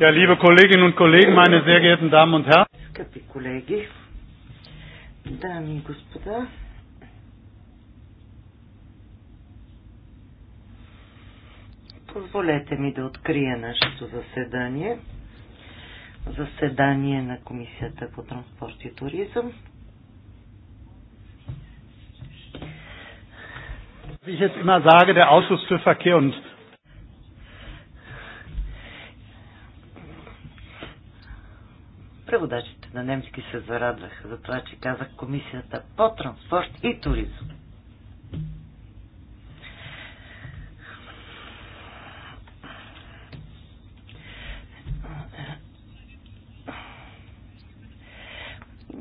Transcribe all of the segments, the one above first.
Ja, liebe Kolleginnen und Kollegen, meine sehr geehrten Damen und Herren. Скъпи колеги, дами и господа, позволете ми да открия нашето заседание. Заседание на Комисията по транспорт и туризъм. Wie ich jetzt immer sage, der Ausschuss für Verkehr und Преводачите на немски се зарадваха за това, че казах комисията по транспорт и туризъм.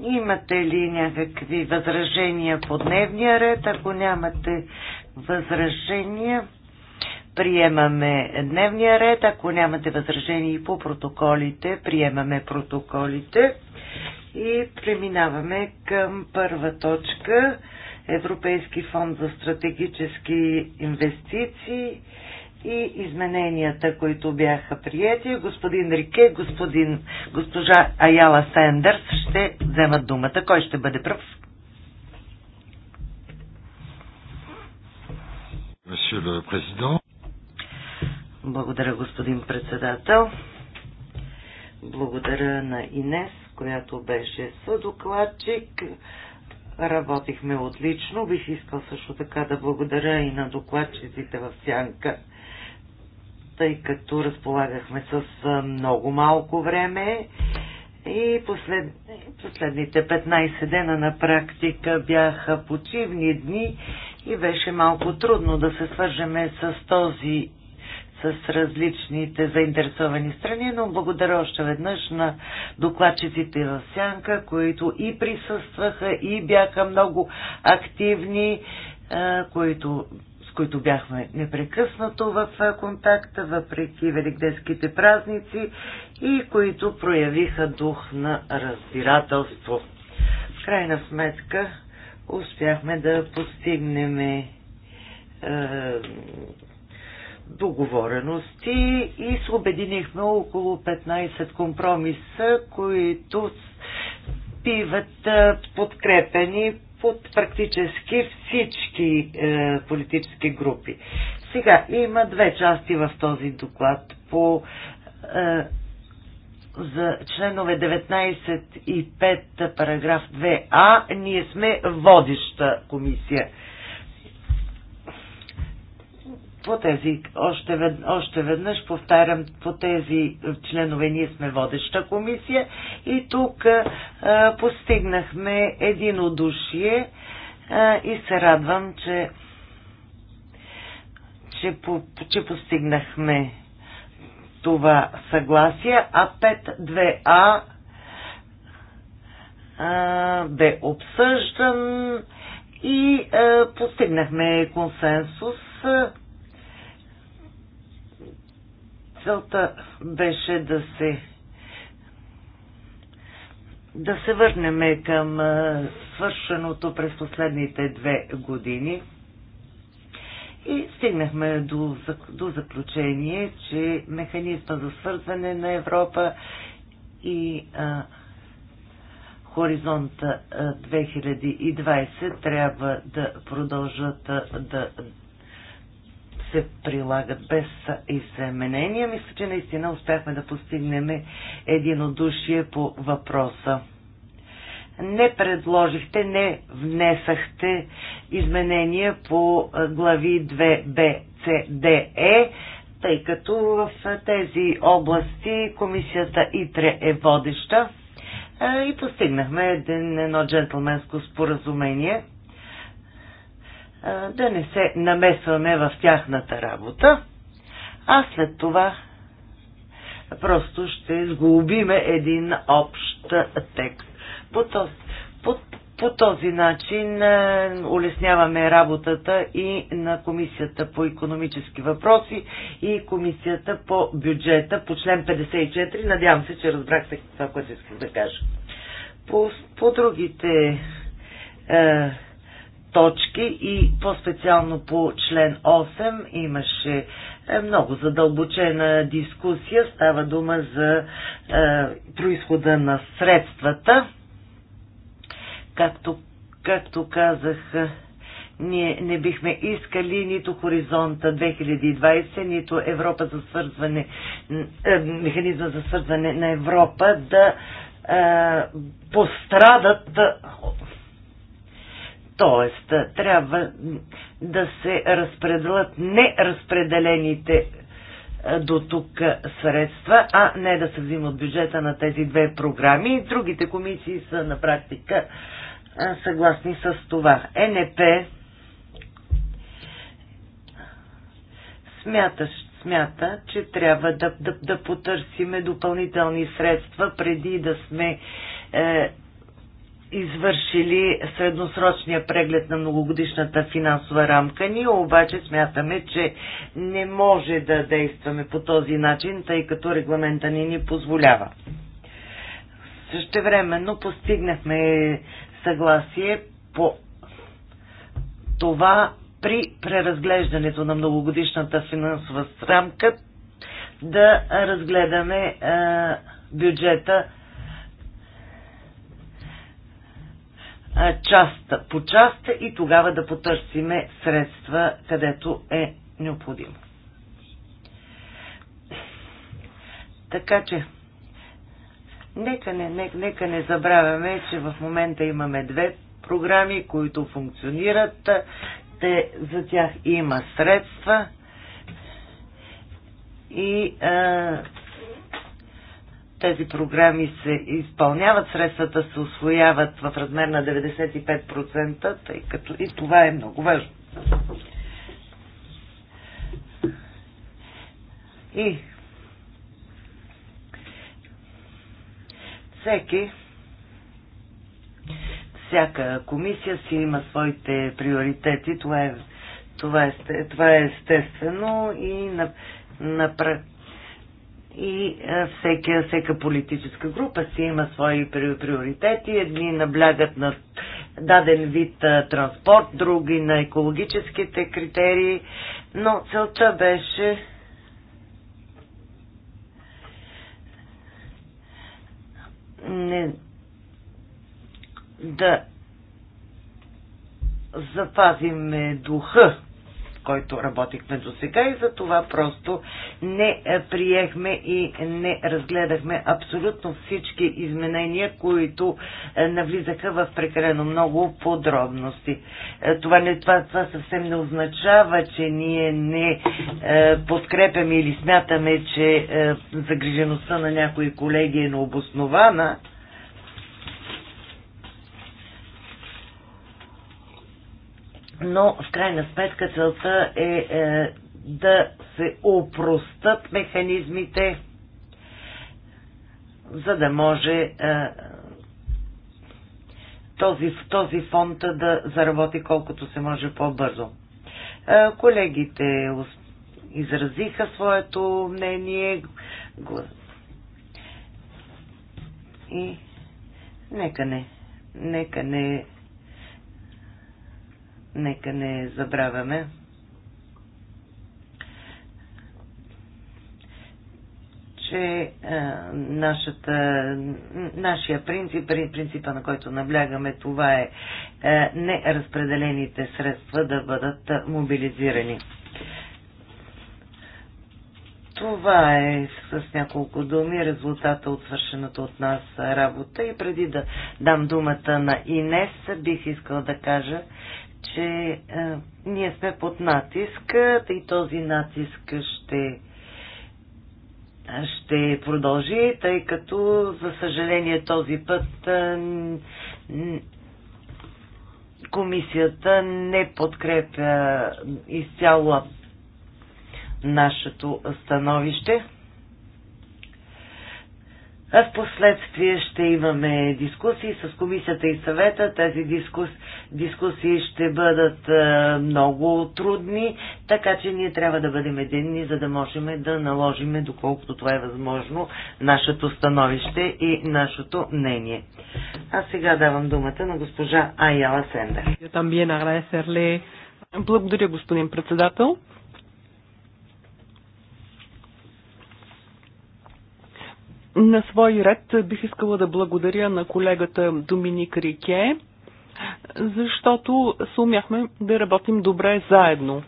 Имате ли някакви възражения по дневния ред? Ако нямате възражения, приемаме дневния ред. Ако нямате възражения по протоколите, приемаме протоколите. И преминаваме към първа точка Европейски фонд за стратегически инвестиции и измененията, които бяха приети. Господин Рике, господин, госпожа Аяла Сендърс ще вземат думата. Кой ще бъде пръв? Monsieur le Président. Благодаря, господин председател. Благодаря на Инес, която беше съдокладчик. Работихме отлично. Бих искал също така да благодаря и на докладчиците в Сянка, тъй като разполагахме с много малко време и послед... последните 15 дена на практика бяха почивни дни и беше малко трудно да се свържеме с този с различните заинтересовани страни, но благодаря още веднъж на докладчиците в Сянка, които и присъстваха, и бяха много активни, е, които с които бяхме непрекъснато в е, контакта, въпреки великденските празници и които проявиха дух на разбирателство. В крайна сметка успяхме да постигнем е, договорености и се обединихме около 15 компромиса, които биват подкрепени под практически всички е, политически групи. Сега има две части в този доклад по е, за членове 19 и 5 параграф 2а ние сме водеща комисия по тези, още, вед, още веднъж повтарям, по тези членове ние сме водеща комисия и тук а, постигнахме единодушие а, и се радвам, че, че, по, че постигнахме това съгласие, а 5.2а бе обсъждан и а, постигнахме консенсус. А, Целта беше да се да се върнем към свършеното през последните две години и стигнахме до, до заключение, че механизма за свързване на Европа и а, Хоризонта 2020 трябва да продължат да се прилагат без изменения. Мисля, че наистина успяхме да постигнем единодушие по въпроса. Не предложихте, не внесахте изменения по глави 2 Б, С, Д, Е, тъй като в тези области комисията ИТРЕ е водеща е, и постигнахме едно джентлменско споразумение – да не се намесваме в тяхната работа, а след това просто ще сглобиме един общ текст. По този, по, по този начин улесняваме работата и на Комисията по економически въпроси и Комисията по бюджета по член 54. Надявам се, че разбрахте това, което исках да кажа. По, по другите е, точки и по-специално по член 8 имаше е, много задълбочена дискусия. Става дума за е, происхода на средствата. Както, както казах, е, ние не бихме искали нито Хоризонта 2020, нито Европа за свързване, е, механизма за свързване на Европа да е, пострадат Тоест, трябва да се разпределят неразпределените до тук средства, а не да се взимат бюджета на тези две програми. Другите комисии са на практика съгласни с това. Е НП смята, смята, че трябва да, да, да потърсиме допълнителни средства преди да сме е, извършили средносрочния преглед на многогодишната финансова рамка. Ние обаче смятаме, че не може да действаме по този начин, тъй като регламента ни ни позволява. Същевременно постигнахме съгласие по това при преразглеждането на многогодишната финансова рамка да разгледаме бюджета част по част и тогава да потърсиме средства, където е необходимо. Така че, нека не, не, нека не забравяме, че в момента имаме две програми, които функционират. Те, за тях има средства и а, тези програми се изпълняват, средствата се освояват в размер на 95%, тъй като и това е много важно. И всеки всяка комисия си има своите приоритети. Това е, това е, това е естествено и на, на, и всеки, всека политическа група си има свои приоритети. Едни наблягат на даден вид транспорт, други на екологическите критерии, но целта беше не, да запазиме духа който работихме до сега и за това просто не е, приехме и не разгледахме абсолютно всички изменения, които е, навлизаха в прекалено много подробности. Е, това, не, това, това съвсем не означава, че ние не подкрепяме или смятаме, че загрижеността на някои колеги е необоснована, но в крайна сметка целта е, е да се опростат механизмите, за да може е, този, този фонд да заработи колкото се може по-бързо. Е, колегите изразиха своето мнение и нека не, нека не Нека не забравяме, че а, нашата, нашия принцип, принципа на който наблягаме, това е а, неразпределените средства да бъдат мобилизирани. Това е с няколко думи резултата от свършената от нас работа и преди да дам думата на Инес, бих искал да кажа, че а, е, ние сме под натиск и този натиск ще ще продължи, тъй като, за съжаление, този път а, е, комисията не подкрепя изцяло нашето становище. В последствие ще имаме дискусии с комисията и съвета. Тези дискус, дискусии ще бъдат а, много трудни, така че ние трябва да бъдем единни, за да можем да наложим, доколкото това е възможно, нашето становище и нашето мнение. А сега давам думата на госпожа Айяла Сендер. Благодаря, господин председател. На свой ред бих искала да благодаря на колегата Доминик Рике, защото се умяхме да работим добре заедно.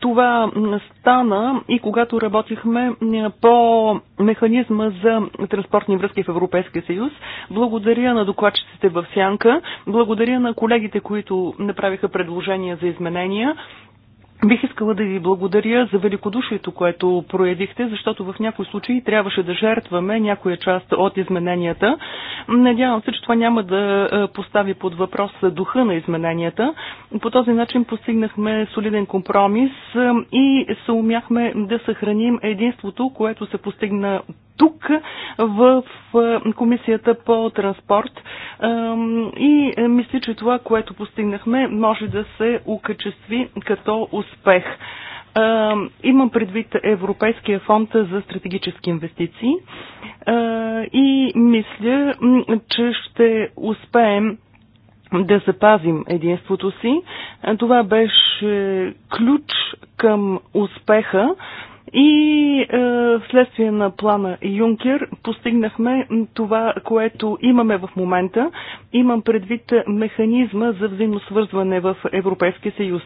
Това стана и когато работихме по механизма за транспортни връзки в Европейския съюз. Благодаря на докладчиците в Сянка, благодаря на колегите, които направиха предложения за изменения. Бих искала да ви благодаря за великодушието, което проявихте, защото в някои случаи трябваше да жертваме някоя част от измененията. Надявам се, че това няма да е, постави под въпрос духа на измененията. По този начин постигнахме солиден компромис е, и се умяхме да съхраним единството, което се постигна тук в Комисията по транспорт и мисля, че това, което постигнахме, може да се окачестви като успех. Имам предвид Европейския фонд за стратегически инвестиции и мисля, че ще успеем да запазим единството си. Това беше ключ към успеха и е, вследствие на плана Юнкер постигнахме това, което имаме в момента. Имам предвид механизма за взаимосвързване в Европейския съюз.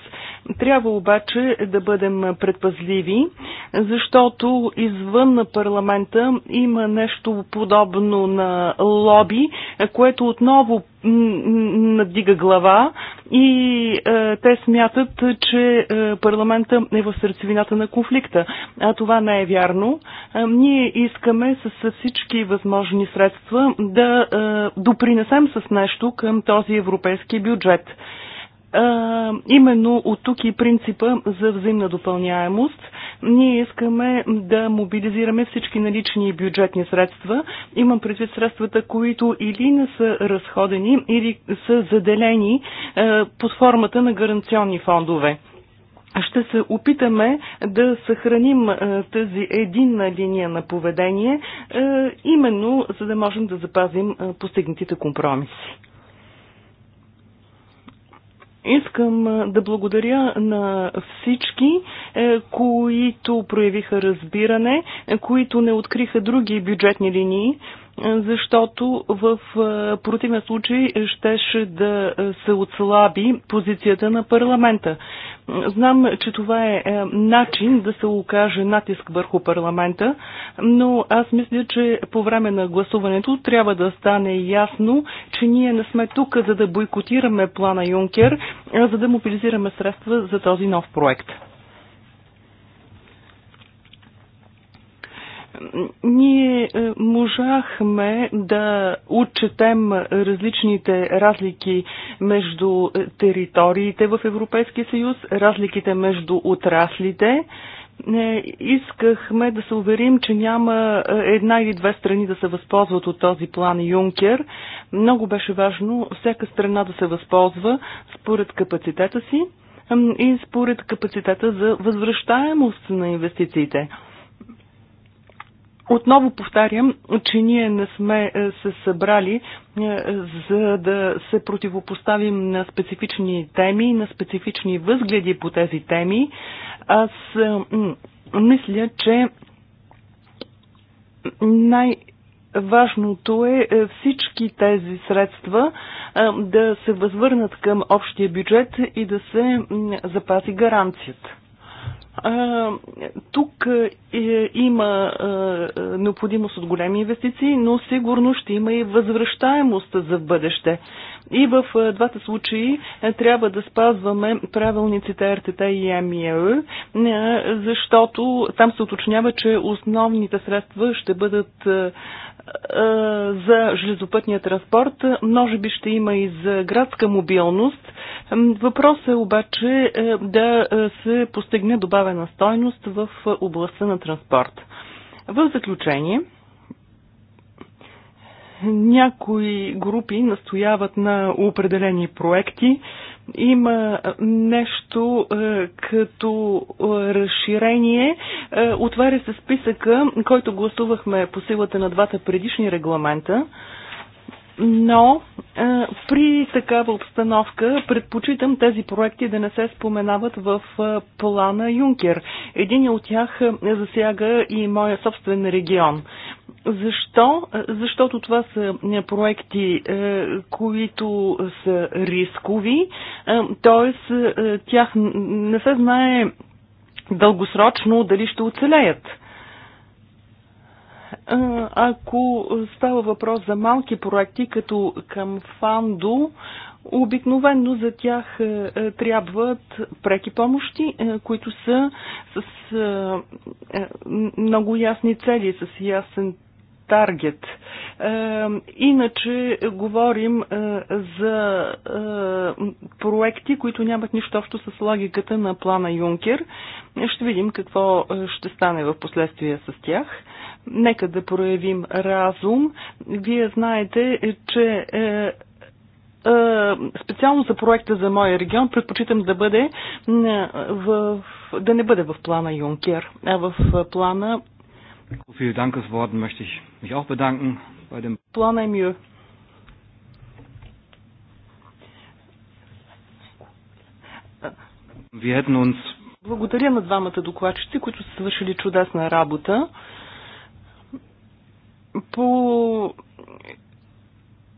Трябва обаче да бъдем предпазливи, защото извън на парламента има нещо подобно на лоби, което отново надига глава и е, те смятат, че е, парламента е в сърцевината на конфликта. А това не е вярно. Е, ние искаме с всички възможни средства да е, допринесем с нещо към този европейски бюджет. Е, именно от тук и принципа за взаимна допълняемост – ние искаме да мобилизираме всички налични бюджетни средства. Имам предвид средствата, които или не са разходени, или са заделени е, под формата на гаранционни фондове. Ще се опитаме да съхраним е, тази единна линия на поведение, е, именно за да можем да запазим постигнатите компромиси. Искам да благодаря на всички, е, които проявиха разбиране, е, които не откриха други бюджетни линии, защото в противен случай щеше да се отслаби позицията на парламента. Знам, че това е, е начин да се окаже натиск върху парламента, но аз мисля, че по време на гласуването трябва да стане ясно, че ние не сме тук за да бойкотираме плана Юнкер, а за да мобилизираме средства за този нов проект. Ние е, можахме да отчетем различните разлики между е, териториите в Европейския съюз, разликите между отраслите. Не, искахме да се уверим, че няма е, една или две страни да се възползват от този план Юнкер. Много беше важно всяка страна да се възползва според капацитета си и според капацитета за възвръщаемост на инвестициите. Отново повтарям, че ние не сме е, се събрали е, за да се противопоставим на специфични теми, на специфични възгледи по тези теми. Аз е, мисля, че най- Важното е всички тези средства да се възвърнат към общия бюджет и да се запази гаранцията. Тук е, има е, е, необходимост от големи инвестиции, но сигурно ще има и възвръщаемост за бъдеще. И в двата случаи трябва да спазваме правилниците РТТ и е, защото там се уточнява, че основните средства ще бъдат е, за железопътния транспорт, може би ще има и за градска мобилност. Въпросът е обаче е, да е, се постигне добавена стойност в областта на транспорт. В заключение, някои групи настояват на определени проекти, има нещо е, като е, разширение. Е, отваря се списъка, който гласувахме по силата на двата предишни регламента но а, е, при такава обстановка предпочитам тези проекти да не се споменават в а, е, плана Юнкер. Един от тях е, засяга и моя собствен регион. Защо? Защото това са проекти, които са рискови, т.е. тях не се знае дългосрочно дали ще оцелеят. Ако става въпрос за малки проекти, като към Фандо, Обикновенно за тях е, е, трябват преки помощи, е, които са с много ясни цели, с ясен таргет. Е, иначе говорим е, за е, проекти, които нямат нищо общо с логиката на плана Юнкер. Ще видим какво ще стане в последствие с тях. Нека да проявим разум. Вие знаете, че специално за проекта за моя регион предпочитам да бъде в, да не бъде в плана Юнкер, а в плана Vielen Dankesworten möchte ich mich auch bedanken bei dem Плана Wir hätten uns благодаря на двамата докладчици, които са свършили чудесна работа. По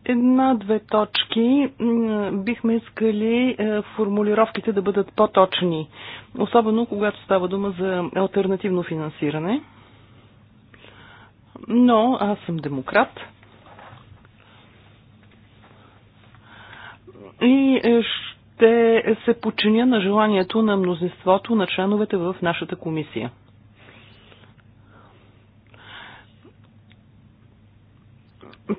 една-две точки бихме искали е, формулировките да бъдат по-точни, особено когато става дума за альтернативно финансиране но аз съм демократ. И е, ще се подчиня на желанието на мнозинството на членовете в нашата комисия.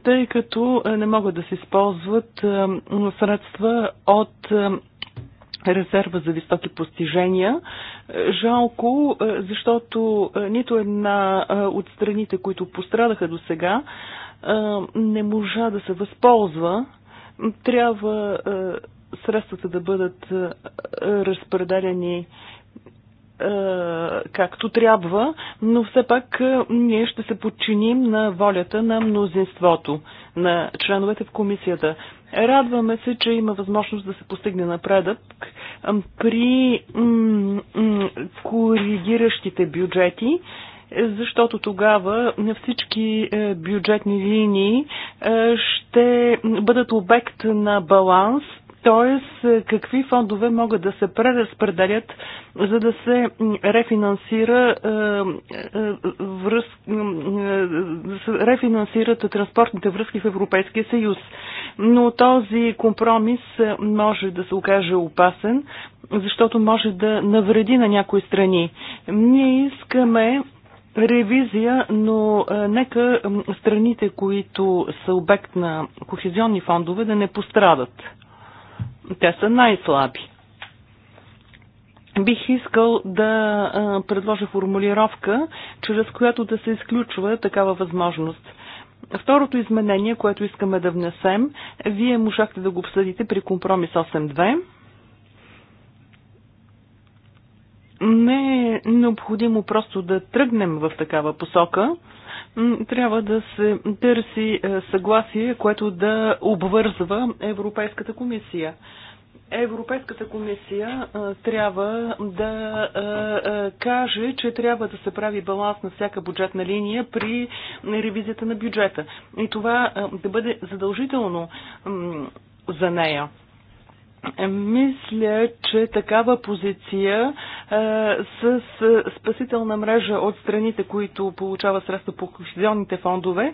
Тъй като е, не могат да се използват е, средства от резерва за високи постижения. Жалко, е, защото е, нито една е, от страните, които пострадаха до сега, не можа да се възползва. Трябва средствата да бъдат разпределени е, както трябва, но все пак е, ние ще се подчиним на волята на мнозинството, на членовете в комисията. Радваме се, че има възможност да се постигне напредък при коригиращите бюджети, защото тогава всички е, бюджетни линии ще бъдат обект на баланс – Тоест, е, какви фондове могат да се преразпределят, за да се рефинансира е, е, връз, да се рефинансират транспортните връзки в Европейския съюз. Но този компромис може да се окаже опасен, защото може да навреди на някои страни. Ние искаме ревизия, но нека страните, които са обект на кохезионни фондове, да не пострадат. Те са най-слаби. Бих искал да предложа формулировка, чрез която да се изключва такава възможност. Второто изменение, което искаме да внесем, вие можахте да го обсъдите при компромис 8.2. Не е необходимо просто да тръгнем в такава посока, трябва да се търси е, съгласие, което да обвързва Европейската комисия. Европейската комисия а, е, трябва да а, е, а, каже, че трябва да се прави баланс на всяка бюджетна линия при ревизията на бюджета. И това а, да бъде задължително за нея. Мисля, че такава позиция а, с, спасителна мрежа от страните, които получават средства по кохезионните фондове,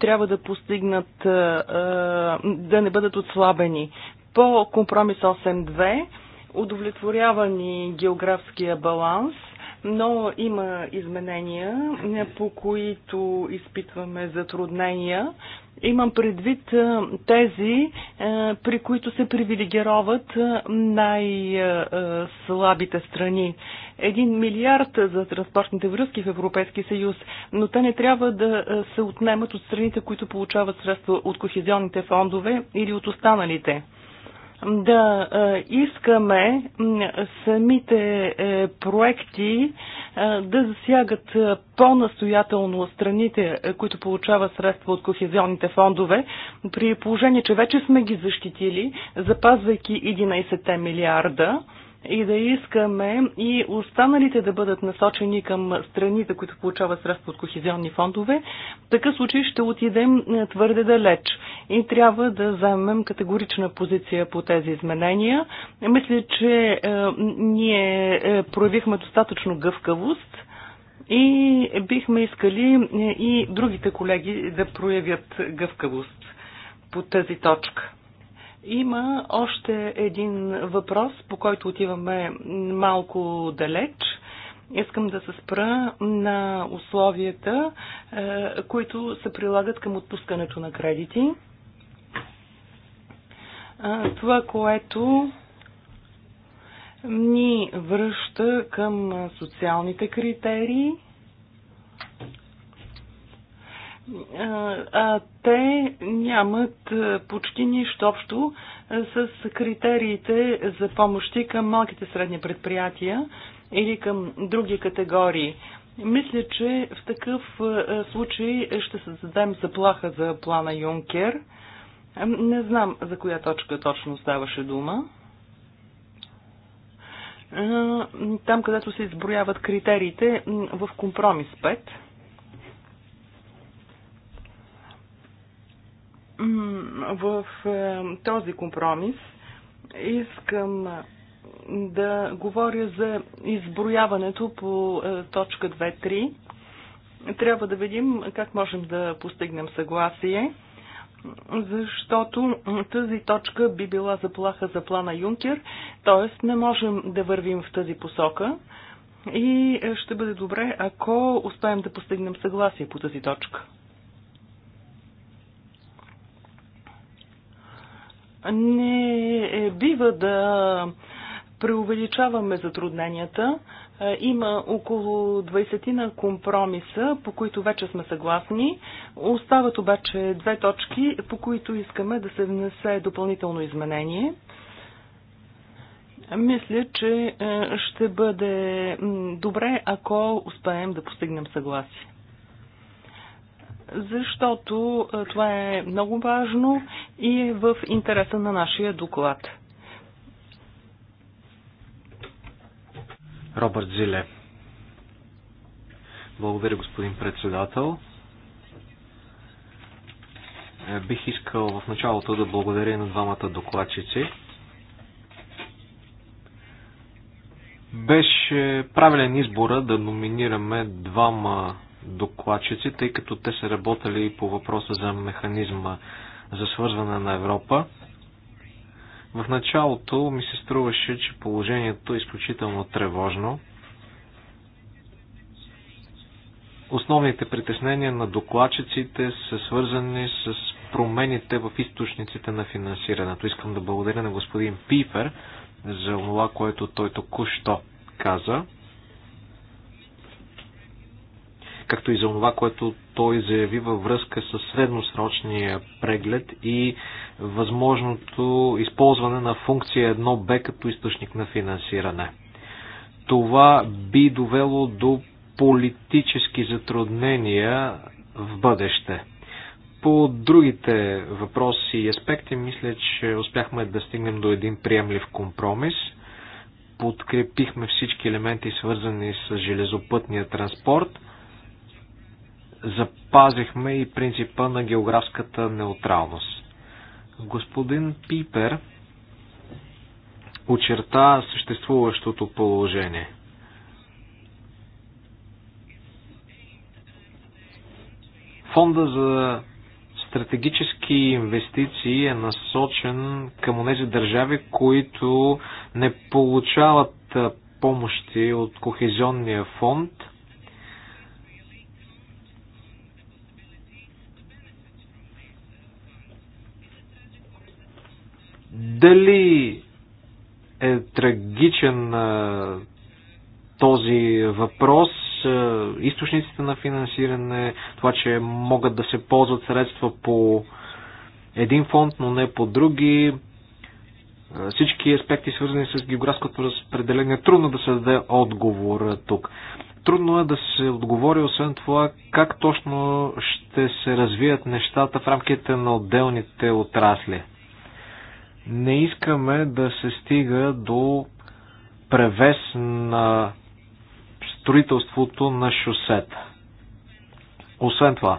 трябва да постигнат, а, да не бъдат отслабени. По компромис 8.2 удовлетворява ни географския баланс но има изменения, по които изпитваме затруднения. Имам предвид тези, при които се привилегироват най-слабите страни. Един милиард за транспортните връзки в Европейския съюз, но те не трябва да се отнемат от страните, които получават средства от кохезионните фондове или от останалите да е, искаме самите е, проекти е, да засягат по-настоятелно страните, които получават средства от кохезионните фондове, при положение, че вече сме ги защитили, запазвайки 11 милиарда и да искаме и останалите да бъдат насочени към страните, които получават средства от кохезионни фондове, в такъв случай ще отидем е, твърде далеч и трябва да вземем категорична позиция по тези изменения. Мисля, че е, ние е, проявихме достатъчно гъвкавост и бихме искали е, и другите колеги да проявят гъвкавост по тази точка. Има още един въпрос, по който отиваме малко далеч. Искам да се спра на условията, е, които се прилагат към отпускането на кредити. Е, това, което ни връща към социалните критерии – а те нямат почти нищо общо с критериите за помощи към малките средни предприятия или към други категории. Мисля, че в такъв случай ще създадем заплаха за плана Юнкер. Не знам за коя точка точно ставаше дума. Там, където се изброяват критериите в компромис 5. в е, този компромис искам да говоря за изброяването по е, точка 2.3. Трябва да видим как можем да постигнем съгласие, защото тази точка би била заплаха за плана Юнкер, т.е. не можем да вървим в тази посока и ще бъде добре, ако успеем да постигнем съгласие по тази точка. Не бива да преувеличаваме затрудненията. Е, има около 20 на компромиса, по които вече сме съгласни. Остават обаче две точки, по които искаме да се внесе допълнително изменение. Мисля, че е, ще бъде добре, ако успеем да постигнем съгласие защото е, това е много важно и е в интереса на нашия доклад. Робърт Зиле. Благодаря, господин председател. Е, бих искал в началото да благодаря на двамата докладчици. Беше правилен избора да номинираме двама докладчици, тъй като те са работили по въпроса за механизма за свързване на Европа. В началото ми се струваше, че положението е изключително тревожно. Основните притеснения на докладчиците са свързани с промените в източниците на финансирането. Искам да благодаря на господин Пифер за това, което той току-що каза. както и за това, което той заяви във връзка с средносрочния преглед и възможното използване на функция 1Б като източник на финансиране. Това би довело до политически затруднения в бъдеще. По другите въпроси и аспекти, мисля, че успяхме да стигнем до един приемлив компромис. Подкрепихме всички елементи, свързани с железопътния транспорт – запазихме и принципа на географската неутралност. Господин Пипер очерта съществуващото положение. Фонда за стратегически инвестиции е насочен към тези държави, които не получават помощи от Кохезионния фонд – Дали е трагичен този въпрос, източниците на финансиране, това, че могат да се ползват средства по един фонд, но не по други, всички аспекти, свързани с географското разпределение, трудно да се даде отговор тук. Трудно е да се отговори, освен това, как точно ще се развият нещата в рамките на отделните отрасли. Не искаме да се стига до превес на строителството на шосета. Освен това,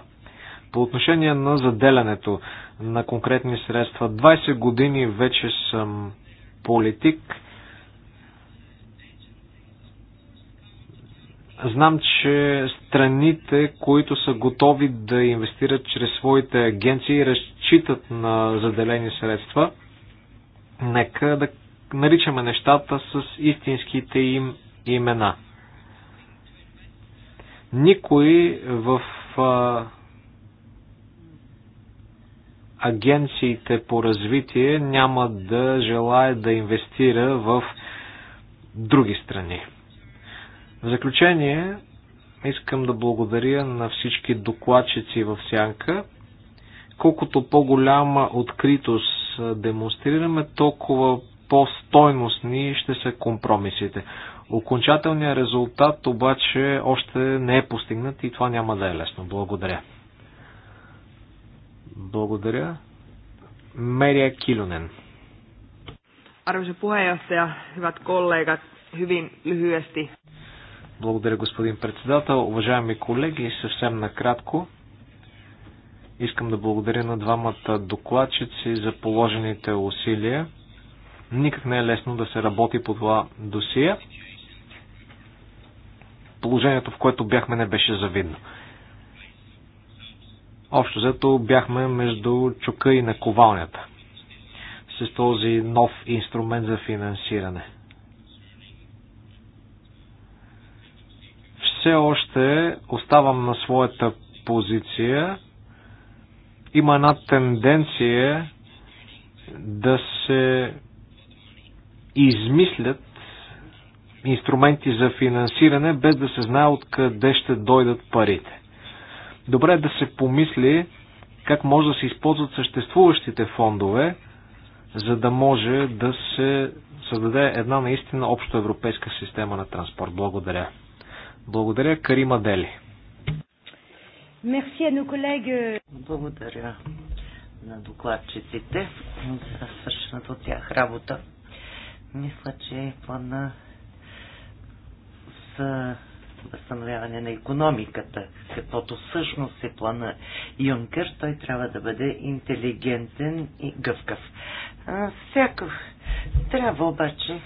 по отношение на заделянето на конкретни средства, 20 години вече съм политик. Знам, че страните, които са готови да инвестират чрез своите агенции, разчитат на заделени средства – Нека да наричаме нещата с истинските им имена. Никой в а, агенциите по развитие няма да желая да инвестира в други страни. В заключение, искам да благодаря на всички докладчици в Сянка. Колкото по-голяма откритост демонстрираме, толкова по-стойностни ще са компромисите. Окончателният резултат обаче още не е постигнат и това няма да е лесно. Благодаря. Благодаря. Мерия Килюнен. Arvoisa puheenjohtaja, hyvät kollegat, hyvin lyhyesti. Благодаря, господин председател. Уважаеми колеги, съвсем накратко. Искам да благодаря на двамата докладчици за положените усилия. Никак не е лесно да се работи по това досие. Положението, в което бяхме, не беше завидно. Общо взето бяхме между чука и наковалнята с този нов инструмент за финансиране. Все още оставам на своята позиция има една тенденция да се измислят инструменти за финансиране, без да се знае откъде ще дойдат парите. Добре е да се помисли как може да се използват съществуващите фондове, за да може да се създаде една наистина общоевропейска система на транспорт. Благодаря. Благодаря Карима Дели. Merci à nos collègues. Благодаря на докладчиците за свършената от тях работа. Мисля, че е плана за възстановяване на економиката, каквото всъщност е плана Юнкер, той трябва да бъде интелигентен и гъвкав. Всяко Трябва обаче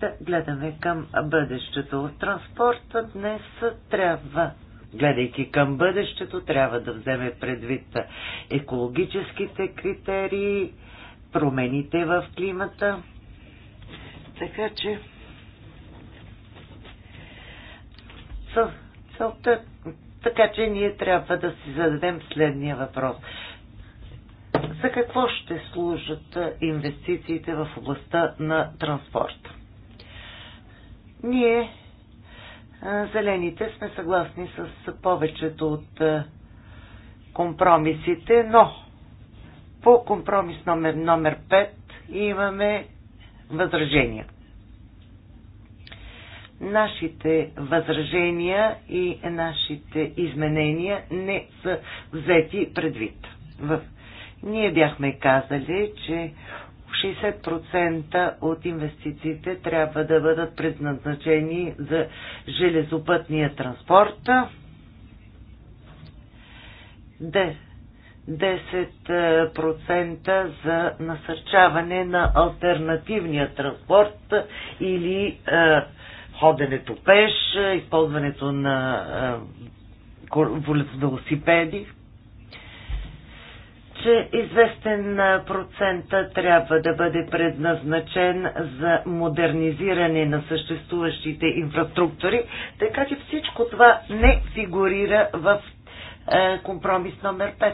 да гледаме към бъдещето. Транспорта днес трябва гледайки към бъдещето, трябва да вземе предвид екологическите критерии, промените в климата. Така че целта, така че ние трябва да си зададем следния въпрос. За какво ще служат инвестициите в областта на транспорта? Ние Зелените сме съгласни с повечето от компромисите, но по компромис номер, номер 5 имаме възражения. Нашите възражения и нашите изменения не са взети предвид. В... Ние бяхме казали, че 60% от инвестициите трябва да бъдат предназначени за железопътния транспорт. 10% за насърчаване на альтернативния транспорт или е, ходенето пеш, използването на е, велосипеди че известен процент трябва да бъде предназначен за модернизиране на съществуващите инфраструктури, така че всичко това не фигурира в компромис номер 5.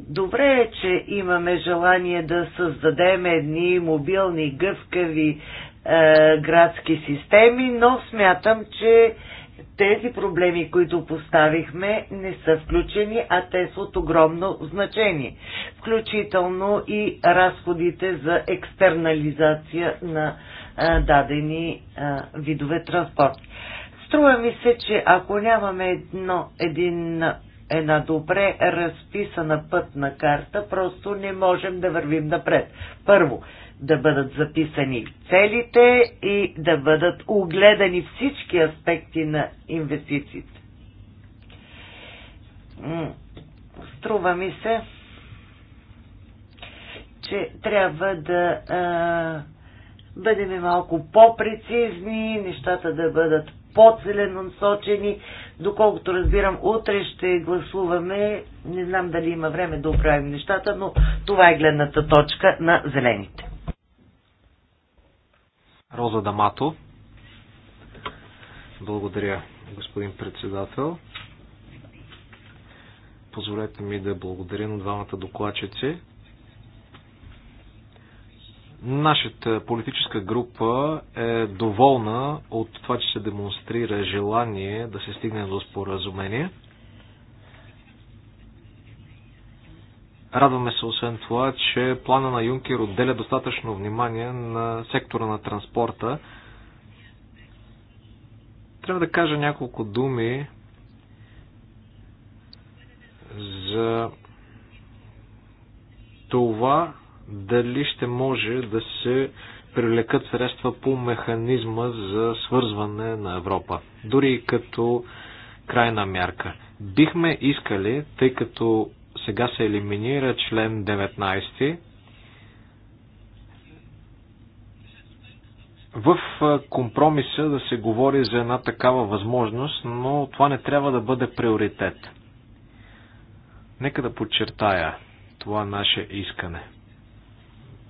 Добре е, че имаме желание да създадем едни мобилни, гъвкави е, градски системи, но смятам, че тези проблеми, които поставихме, не са включени, а те са от огромно значение, включително и разходите за екстернализация на а, дадени а, видове транспорт. Струва ми се, че ако нямаме едно, един, една добре разписана пътна карта, просто не можем да вървим напред. Първо, да бъдат записани целите и да бъдат огледани всички аспекти на инвестициите. Струва ми се, че трябва да а, бъдем малко по-прецизни, нещата да бъдат по целенонсочени Доколкото разбирам, утре ще гласуваме. Не знам дали има време да оправим нещата, но това е гледната точка на зелените. Роза Дамато. Благодаря, господин председател. Позволете ми да благодаря на двамата докладчици. Нашата политическа група е доволна от това, че се демонстрира желание да се стигне до споразумение. Радваме се освен това, че плана на Юнкер отделя достатъчно внимание на сектора на транспорта. Трябва да кажа няколко думи за това дали ще може да се привлекат средства по механизма за свързване на Европа, дори и като крайна мярка. Бихме искали, тъй като сега се елиминира член 19. В компромиса да се говори за една такава възможност, но това не трябва да бъде приоритет. Нека да подчертая това наше искане.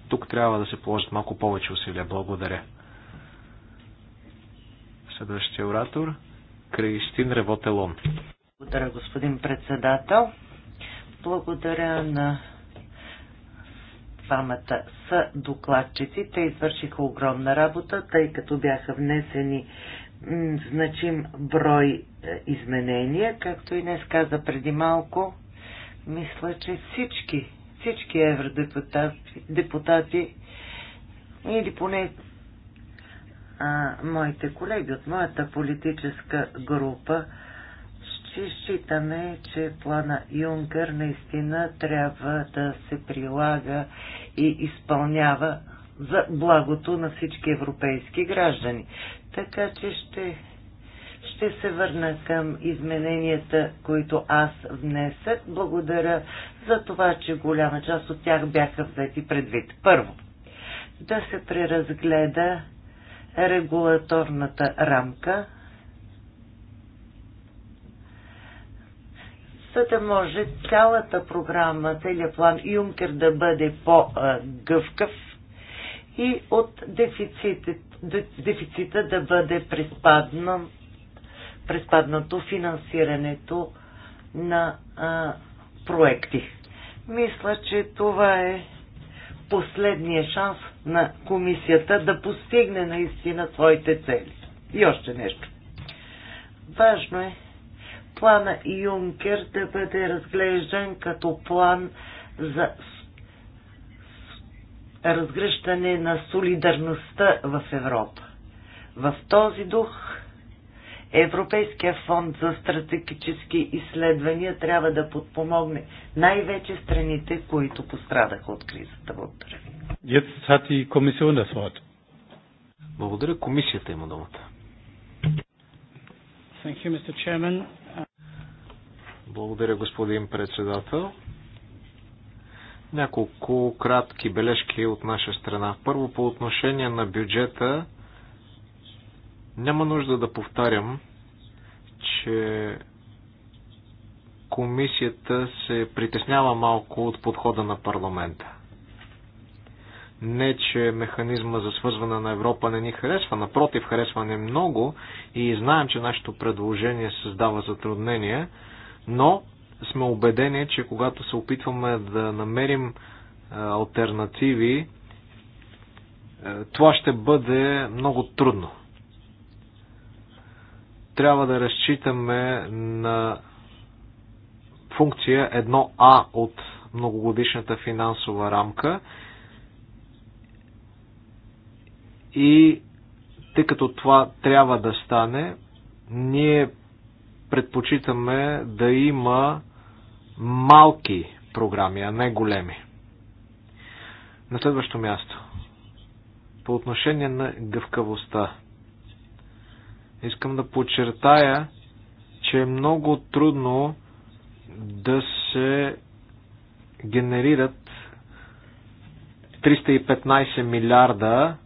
Тук трябва да се положат малко повече усилия. Благодаря. Следващия оратор Кристин Ревотелон. Благодаря, господин председател. Благодаря на двамата са докладчици. Те извършиха огромна работа, тъй като бяха внесени значим брой е, изменения, както и днес каза преди малко. Мисля, че всички, всички евродепутати депутати, или поне а, моите колеги от моята политическа група, че считаме, че плана Юнкър наистина трябва да се прилага и изпълнява за благото на всички европейски граждани. Така че ще, ще се върна към измененията, които аз внесах. Благодаря за това, че голяма част от тях бяха взети предвид. Първо, да се преразгледа регулаторната рамка за да може цялата програма, целият план Юнкер да бъде по-гъвкав и от дефицита, дефицита да бъде приспадна, приспаднато финансирането на а, проекти. Мисля, че това е последния шанс на комисията да постигне наистина своите цели. И още нещо. Важно е плана Юнкер да бъде разглеждан като план за разгръщане на солидарността в Европа. В този дух Европейския фонд за стратегически изследвания трябва да подпомогне най-вече страните, които пострадаха от кризата. Благодаря. Благодаря. Комисията има думата. Thank you, Mr. Chairman. Благодаря, господин председател. Няколко кратки бележки от наша страна. Първо по отношение на бюджета. Няма нужда да повтарям, че комисията се притеснява малко от подхода на парламента. Не, че механизма за свързване на Европа не ни харесва, напротив, харесва не много и знаем, че нашето предложение създава затруднения, но сме убедени, че когато се опитваме да намерим альтернативи, това ще бъде много трудно. Трябва да разчитаме на функция 1А от многогодишната финансова рамка и тъй като това трябва да стане, ние предпочитаме да има малки програми, а не големи. На следващо място. По отношение на гъвкавостта. Искам да подчертая, че е много трудно да се генерират 315 милиарда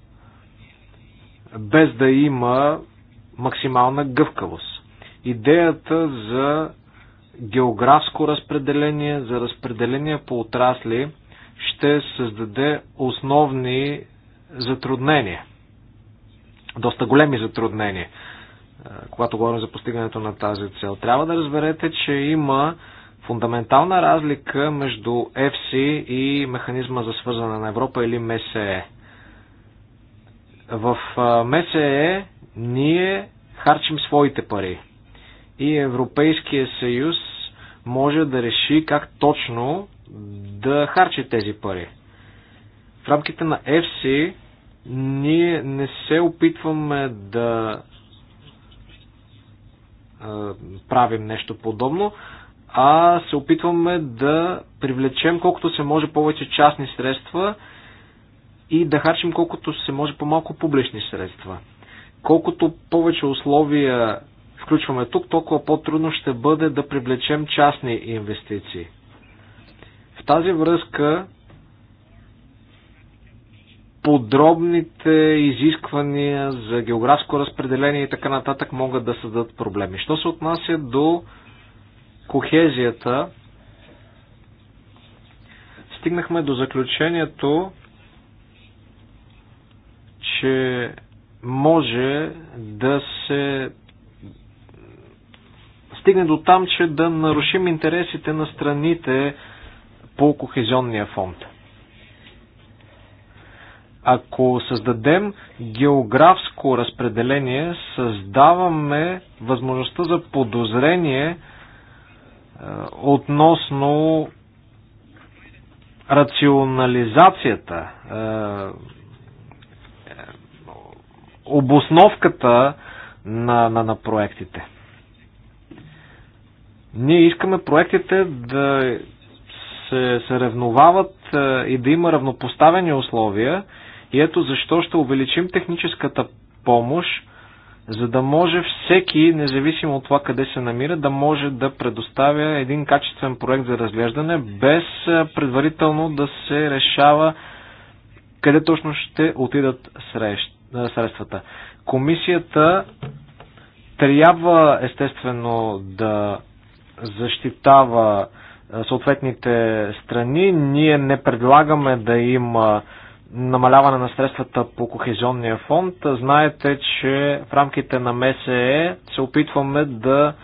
без да има максимална гъвкавост идеята за географско разпределение, за разпределение по отрасли ще създаде основни затруднения. Доста големи затруднения, когато говорим за постигането на тази цел. Трябва да разберете, че има фундаментална разлика между ЕФСИ и механизма за свързане на Европа или МСЕ. В МСЕ ние харчим своите пари и Европейския съюз може да реши как точно да харчи тези пари. В рамките на FC ние не се опитваме да правим нещо подобно, а се опитваме да привлечем колкото се може повече частни средства и да харчим колкото се може по-малко публични средства. Колкото повече условия включваме тук, толкова по-трудно ще бъде да привлечем частни инвестиции. В тази връзка подробните изисквания за географско разпределение и така нататък могат да създадат проблеми. Що се отнася до кохезията, стигнахме до заключението, че може да се стигне до там, че да нарушим интересите на страните по кохезионния фонд. Ако създадем географско разпределение, създаваме възможността за подозрение е, относно рационализацията, е, е, обосновката на, на, на проектите. Ние искаме проектите да се а, е, и да има равнопоставени условия и ето защо ще увеличим техническата помощ, за да може всеки, независимо от това къде се намира, да може да предоставя един качествен проект за разглеждане, без е, предварително да се решава къде точно ще отидат е, средствата. Комисията трябва естествено да защитава е, съответните страни. Ние не предлагаме да има намаляване на средствата по кохезионния фонд. Знаете, че в рамките на МСЕ се опитваме да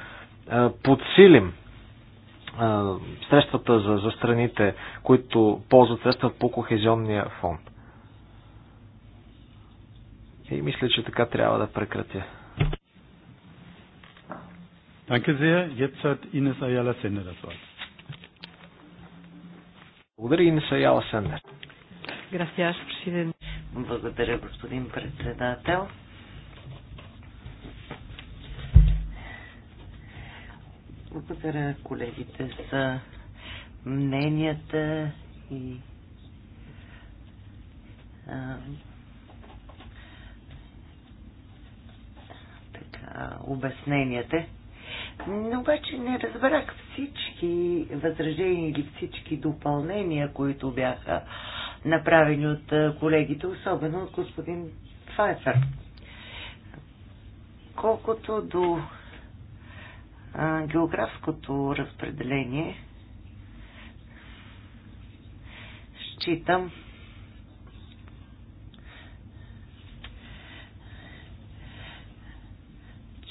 е, подсилим е, средствата за, за страните, които ползват средства по кохезионния фонд. И мисля, че така трябва да прекратя. Danke sehr. Jetzt hat Ines Ayala Sender das Wort. Благодаря, Инеса Яла Сендер. Gracias, президент. Благодаря, господин председател. Благодаря колегите за мненията и а, така, обясненията. Но обаче не разбрах всички възражения или всички допълнения, които бяха направени от колегите, особено от господин Файфер. Колкото до а, географското разпределение, считам,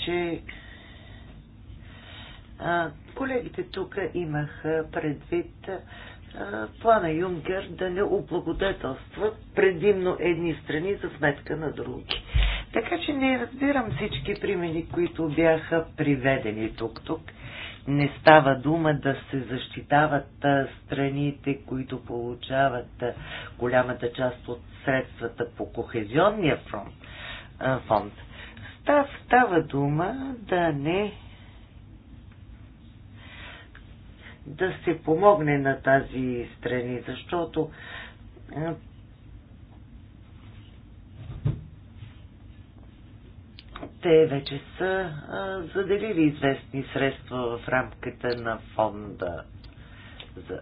че Колегите тук имах предвид плана Юнкер да не облагодетелства предимно едни страни за сметка на други. Така че не разбирам всички примери, които бяха приведени тук. Тук не става дума да се защитават страните, които получават голямата част от средствата по кохезионния фонд. става дума да не да се помогне на тази страни, защото те вече са а, заделили известни средства в рамките на фонда за,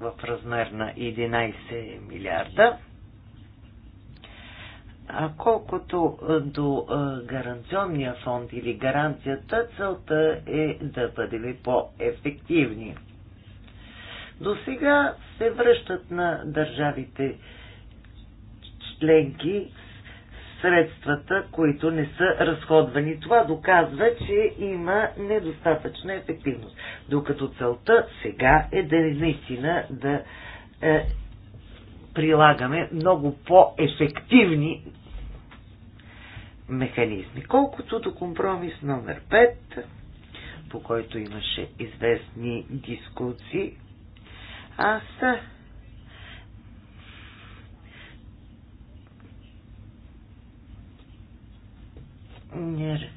в размер на 11 милиарда. А колкото до гаранционния фонд или гаранцията, целта е да бъдем по-ефективни. До сега се връщат на държавите членки средствата, които не са разходвани. Това доказва, че има недостатъчна ефективност. Докато целта сега е да наистина да е, прилагаме много по-ефективни механизми. Колкото до компромис номер 5, по който имаше известни дискусии, аз не,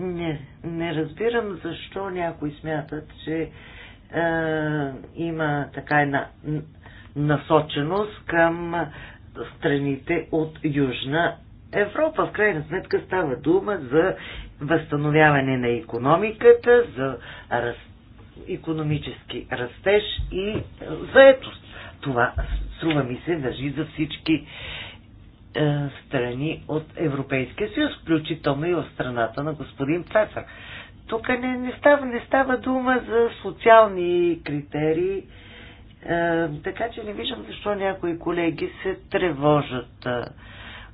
не, не разбирам защо някои смятат, че е, има така една насоченост към страните от Южна Европа. В крайна сметка става дума за възстановяване на економиката, за раз... економически растеж и е, заетост. Това, струва ми се, държи за всички е, страни от Европейския съюз, включително и от страната на господин Петър. Тук не, не, става, не става дума за социални критерии, е, така че не виждам защо някои колеги се тревожат е,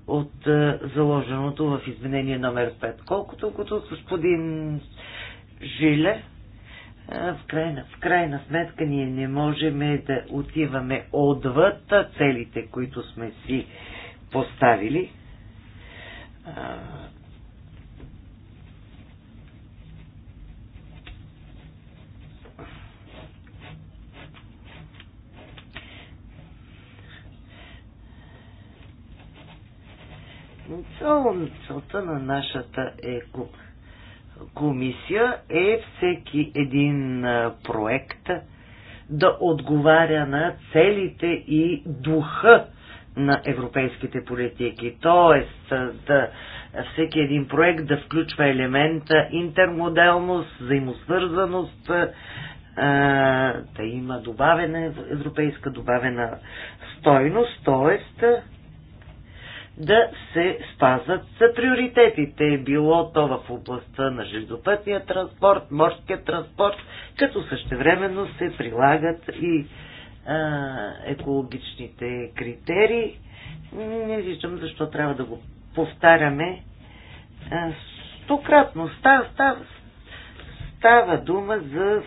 от е, заложеното в изменение номер 5. Колкото като господин Жиле, в крайна, в крайна сметка ние не можем да отиваме отвъд целите, които сме си поставили. Цел, целта на нашата еко комисия е всеки един проект да отговаря на целите и духа на европейските политики. Тоест, да, всеки един проект да включва елемента интермоделност, взаимосвързаност, да има добавена, европейска добавена стойност, т.е да се спазат приоритетите, било то в областта на железопътния транспорт, морския транспорт, като същевременно се прилагат и а, екологичните критерии. Не виждам защо трябва да го повтаряме стократно. Става, става, става дума за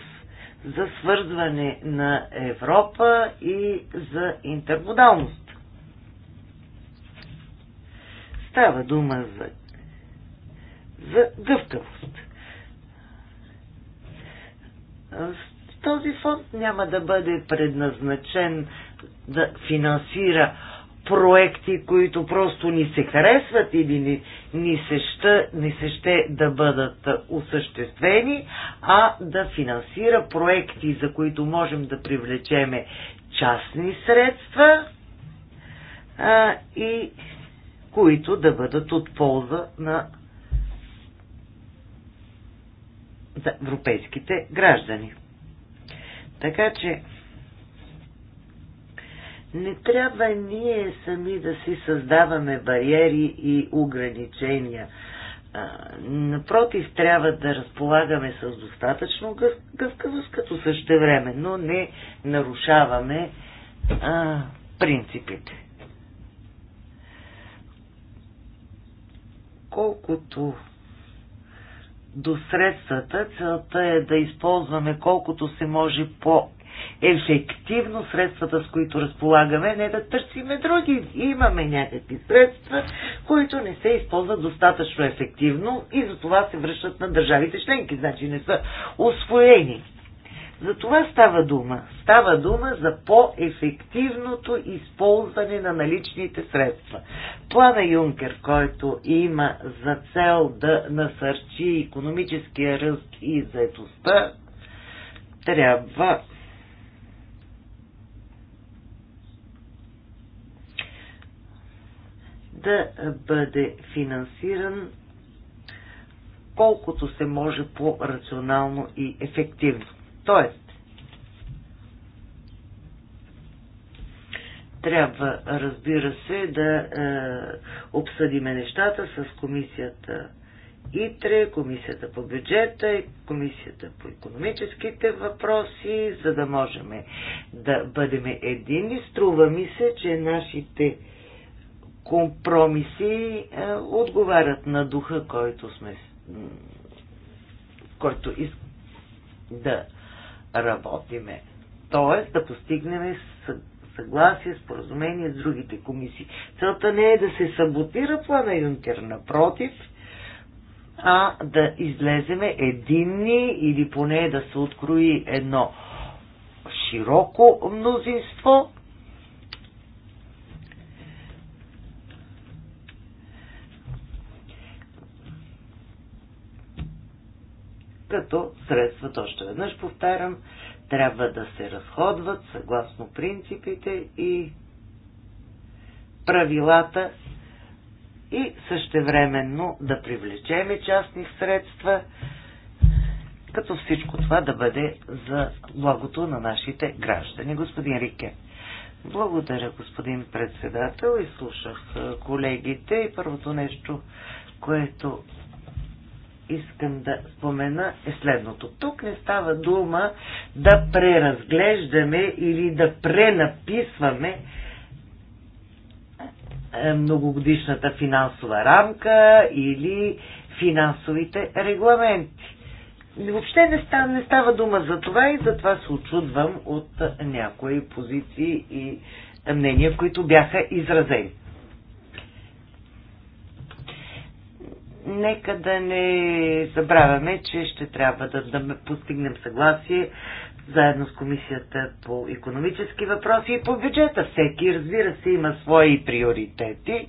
за свързване на Европа и за интермодалност. Става дума за, за гъвкавост. Този фонд няма да бъде предназначен да финансира проекти, които просто ни се харесват или ни, ни, се, ще, ни се ще да бъдат осъществени, а да финансира проекти, за които можем да привлечеме частни средства а, и които да бъдат от полза на за европейските граждани. Така че не трябва ние сами да си създаваме бариери и ограничения. Напротив, трябва да разполагаме с достатъчно гъвкавост, като същевременно не нарушаваме а, принципите. колкото до средствата, целта е да използваме колкото се може по ефективно средствата, с които разполагаме, не да търсиме други. Имаме някакви средства, които не се използват достатъчно ефективно и за това се връщат на държавите членки, значи не са освоени. За това става дума. Става дума за по-ефективното използване на наличните средства. Плана Юнкер, който има за цел да насърчи економическия ръст и заетостта, трябва да бъде финансиран колкото се може по-рационално и ефективно. Тоест, трябва, разбира се, да е, обсъдиме нещата с комисията ИТРЕ, комисията по бюджета и комисията по економическите въпроси, за да можем да бъдем едини. Струва ми се, че нашите компромиси е, отговарят на духа, който сме който иск... да работиме. Тоест да постигнем съгласие, споразумение с другите комисии. Целта не е да се саботира плана Юнкер, напротив, а да излеземе единни или поне да се открои едно широко мнозинство, като средствата, още веднъж повтарям, трябва да се разходват съгласно принципите и правилата и същевременно да привлечеме частни средства, като всичко това да бъде за благото на нашите граждани. Господин Рике. Благодаря, господин председател. И слушах колегите и първото нещо, което искам да спомена е следното. Тук не става дума да преразглеждаме или да пренаписваме е, многогодишната финансова рамка или финансовите регламенти. Въобще не става, не става дума за това и затова се очудвам от някои позиции и мнения, които бяха изразени. нека да не забравяме, че ще трябва да, да постигнем съгласие заедно с Комисията по економически въпроси и по бюджета. Всеки, разбира се, има свои приоритети,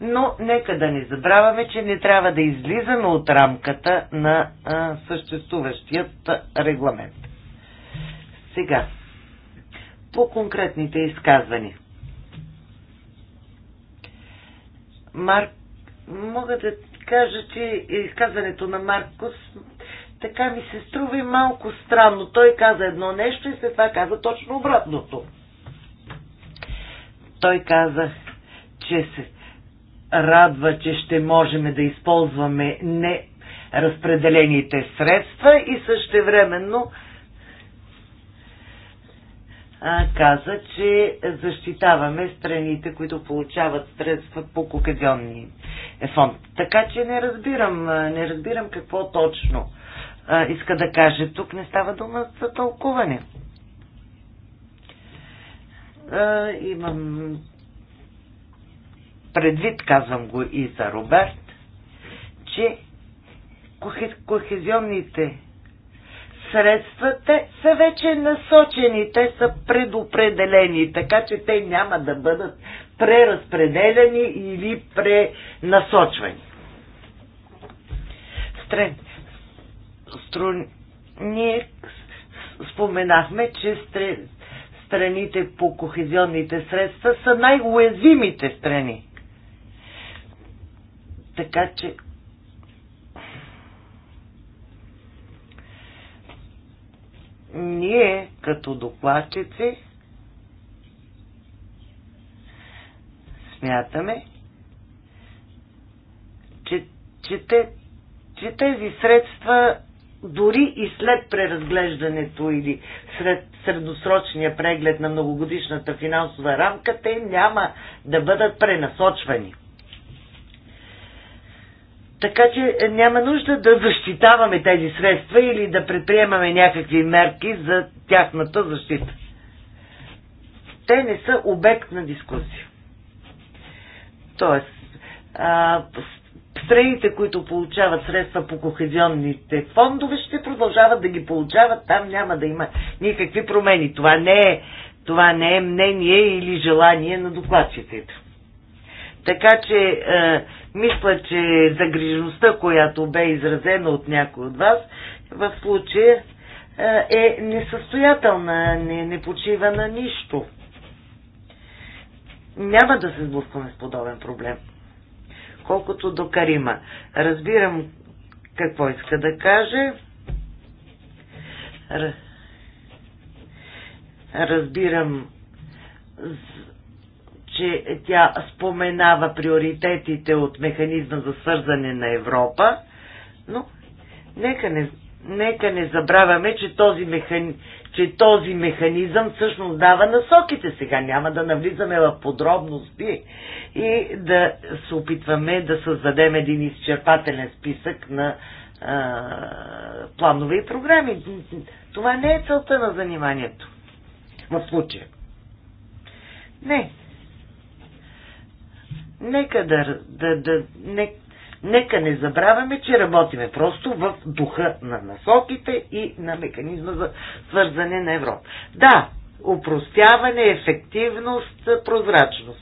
но нека да не забравяме, че не трябва да излизаме от рамката на а, съществуващият регламент. Сега, по конкретните изказвания. Марк, мога да кажа, че изказването на Маркос така ми се струва малко странно. Той каза едно нещо и след това каза точно обратното. Той каза, че се радва, че ще можем да използваме не разпределените средства и същевременно временно каза, че защитаваме страните, които получават средства по кокезионни фонд. Така че не разбирам, не разбирам какво точно иска да каже. Тук не става дума за тълкуване. Имам предвид, казвам го и за Роберт, че кохезионните средства, те са вече насочени, те са предопределени, така че те няма да бъдат преразпределени или пренасочвани. Стрен. Стру... Ние споменахме, че стрен... страните по кохезионните средства са най-уязвимите страни. Така че ние като докладчици смятаме, че, че, те, че тези средства дори и след преразглеждането или след средосрочния преглед на многогодишната финансова рамка, те няма да бъдат пренасочвани. Така че няма нужда да защитаваме тези средства или да предприемаме някакви мерки за тяхната защита. Те не са обект на дискусия. Тоест, а, страните, които получават средства по кохезионните фондове, ще продължават да ги получават. Там няма да има никакви промени. Това не е, това не е мнение или желание на докладчиците. Така че е, мисля, че загрижността, която бе изразена от някой от вас, в случая е, е несъстоятелна, не, не почива на нищо. Няма да се сблъскваме с подобен проблем. Колкото до Карима. Разбирам какво иска да каже. Разбирам че тя споменава приоритетите от механизма за свързане на Европа, но нека не, нека не забравяме, че този, механи, че този механизъм всъщност дава насоките сега. Няма да навлизаме в подробности и да се опитваме да създадем един изчерпателен списък на а, планове и програми. Това не е целта на заниманието в случая. Не, Нека да, да, да не, нека не забравяме, че работиме просто в духа на насоките и на механизма за свързане на Европа. Да, упростяване, ефективност, прозрачност.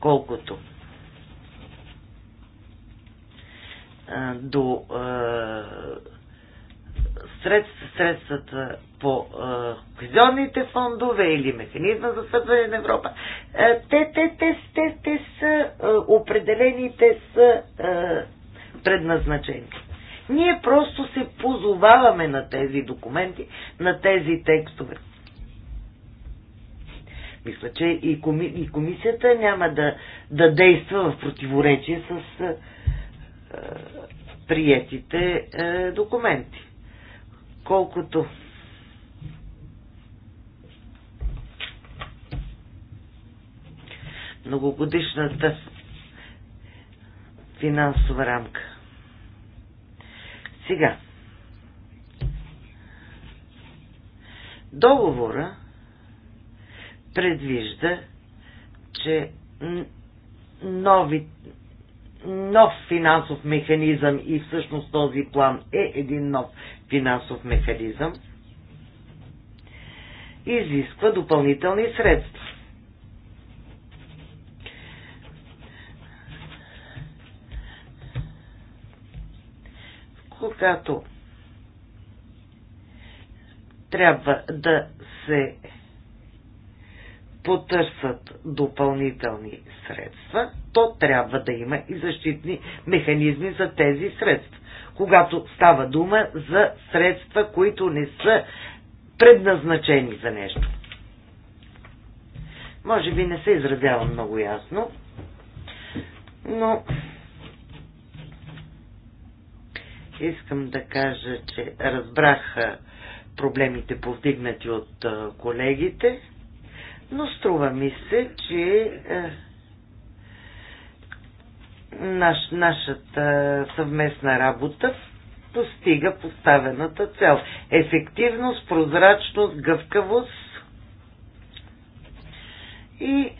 Колкото до средства, средствата по кохезионните фондове или механизма за съдване на Европа, те, те, те, те, те са определените с предназначени. Ние просто се позоваваме на тези документи, на тези текстове. Мисля, че и, коми, и комисията няма да, да действа в противоречие с е, приетите е, документи колкото многогодишната финансова рамка. Сега. Договора предвижда, че нови, нов финансов механизъм и всъщност този план е един нов финансов механизъм изисква допълнителни средства. Когато трябва да се потърсят допълнителни средства, то трябва да има и защитни механизми за тези средства когато става дума за средства, които не са предназначени за нещо. Може би не се изразявам много ясно, но искам да кажа, че разбрах проблемите повдигнати от колегите, но струва ми се, че наш, нашата съвместна работа постига поставената цел. Ефективност, прозрачност, гъвкавост и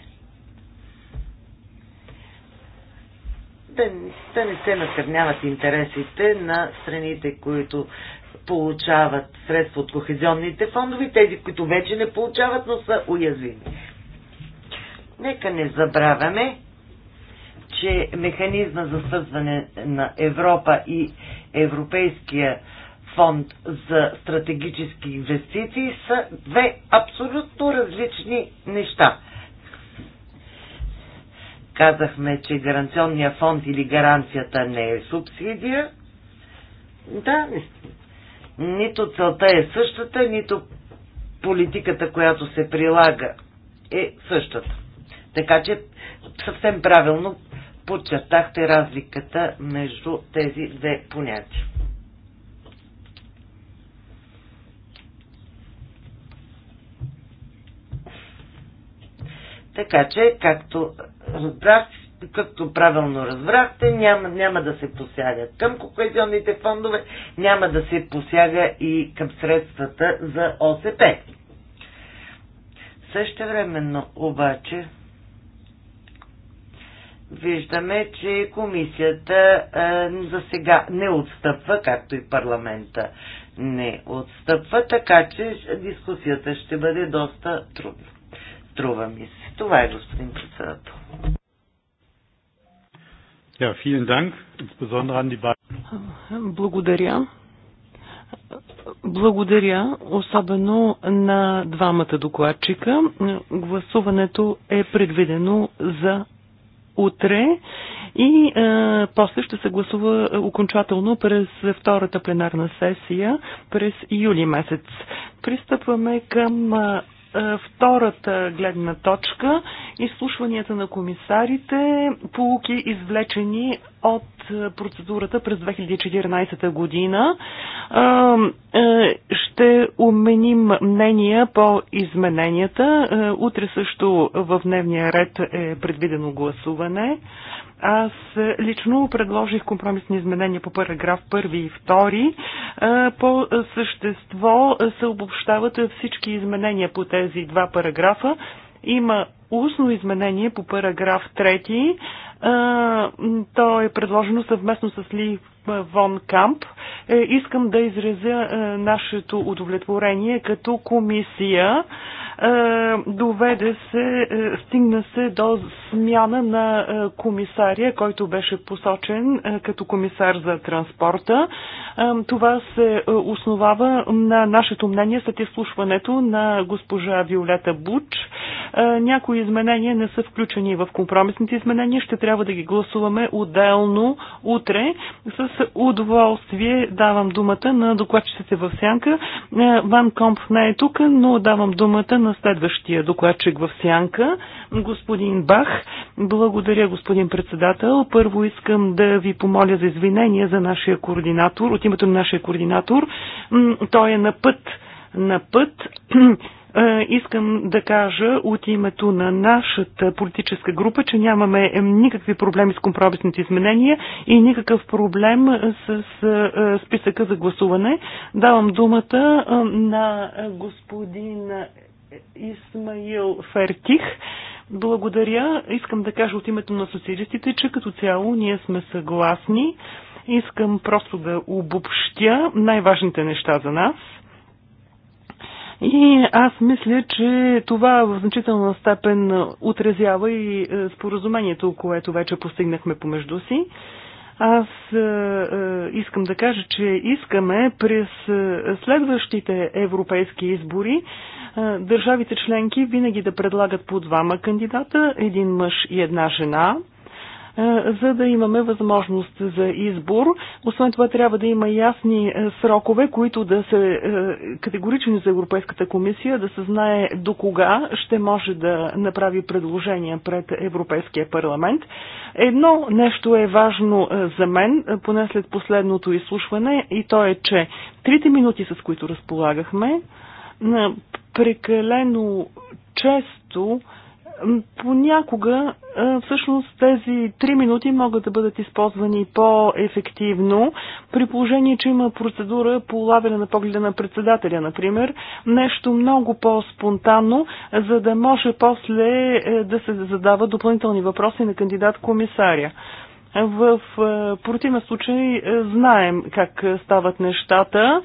да, да не се накърняват интересите на страните, които получават средства от кохезионните фондове, тези, които вече не получават, но са уязвими. Нека не забравяме, че механизма за свързване на Европа и Европейския фонд за стратегически инвестиции са две абсолютно различни неща. Казахме, че гаранционния фонд или гаранцията не е субсидия. Да, нито целта е същата, нито политиката, която се прилага е същата. Така че съвсем правилно подчертахте разликата между тези две понятия. Така че, както разбрах, както правилно разбрахте, няма, няма да се посяга към кохезионните фондове, няма да се посяга и към средствата за ОСП. времено, обаче виждаме, че комисията за сега не отстъпва, както и парламента не отстъпва, така че дискусията ще бъде доста трудна. Струва ми се. Това е, господин председател. Ja, vielen Dank, insbesondere an die beiden. Благодаря. Благодаря, особено на двамата докладчика. Гласуването е предвидено за утре и е, после ще се гласува окончателно през втората пленарна сесия през юли месец. Пристъпваме към е, втората гледна точка изслушванията на комисарите, полуки извлечени от е, процедурата през 2014 година. Е, е, ще уменим мнения по измененията. Утре също в дневния ред е предвидено гласуване. Аз лично предложих компромисни изменения по параграф 1 и 2. По същество се обобщават всички изменения по тези два параграфа. Има устно изменение по параграф 3. То е предложено съвместно с Ли Вон Камп. Е, искам да изразя е, нашето удовлетворение като комисия е, доведе се, е, стигна се до смяна на е, комисария, който беше посочен като комисар за транспорта. Това се основава на нашето мнение след изслушването на госпожа Виолета Буч. Някои изменения не са включени в компромисните изменения. Ще трябва да ги гласуваме отделно утре. С удоволствие давам думата на докладчиците в сянка. Ван Комп не е тук, но давам думата на следващия докладчик в Сянка, господин Бах. Благодаря, господин председател. Първо искам да ви помоля за извинение за нашия координатор, от името на нашия координатор. Той е на път, на път е, искам да кажа от името на нашата политическа група, че нямаме никакви проблеми с компромисните изменения и никакъв проблем с е, е, списъка за гласуване. Давам думата на господин Исмаил Фертих. Благодаря. Искам да кажа от името на социалистите, че като цяло ние сме съгласни. Искам просто да обобщя най-важните неща за нас. И аз мисля, че това в значителна степен отразява и е, споразумението, което вече постигнахме помежду си. Аз е, е, искам да кажа, че искаме през е, следващите европейски избори е, държавите членки винаги да предлагат по двама кандидата, един мъж и една жена за да имаме възможност за избор. Освен това трябва да има ясни срокове, които да са категорични за Европейската комисия, да се знае до кога ще може да направи предложения пред Европейския парламент. Едно нещо е важно за мен, поне след последното изслушване, и то е, че трите минути, с които разполагахме, прекалено често Понякога всъщност тези 3 минути могат да бъдат използвани по-ефективно, при положение, че има процедура по лавяне на погледа на председателя, например, нещо много по-спонтанно, за да може после е, да се задават допълнителни въпроси на кандидат-комисаря. В е, противен случай е, знаем как стават нещата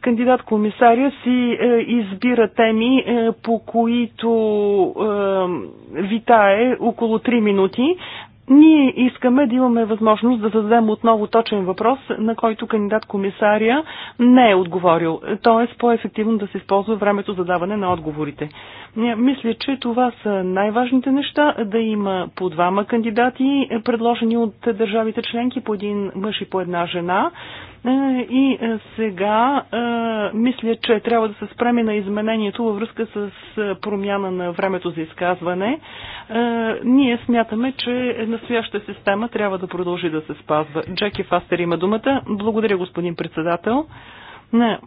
кандидат комисаря си е, избира теми, е, по които е, витае около 3 минути. Ние искаме да имаме възможност да зададем отново точен въпрос, на който кандидат комисаря не е отговорил, т.е. по-ефективно да се използва времето за даване на отговорите. Мисля, че това са най-важните неща, да има по двама кандидати, предложени от държавите членки, по един мъж и по една жена. Е, и е, сега е, мисля, че трябва да се спреме на изменението във връзка с промяна на времето за изказване. Ние смятаме, че настояща система трябва да продължи да се спазва. Джеки Фастер има думата. Благодаря, господин председател. Не.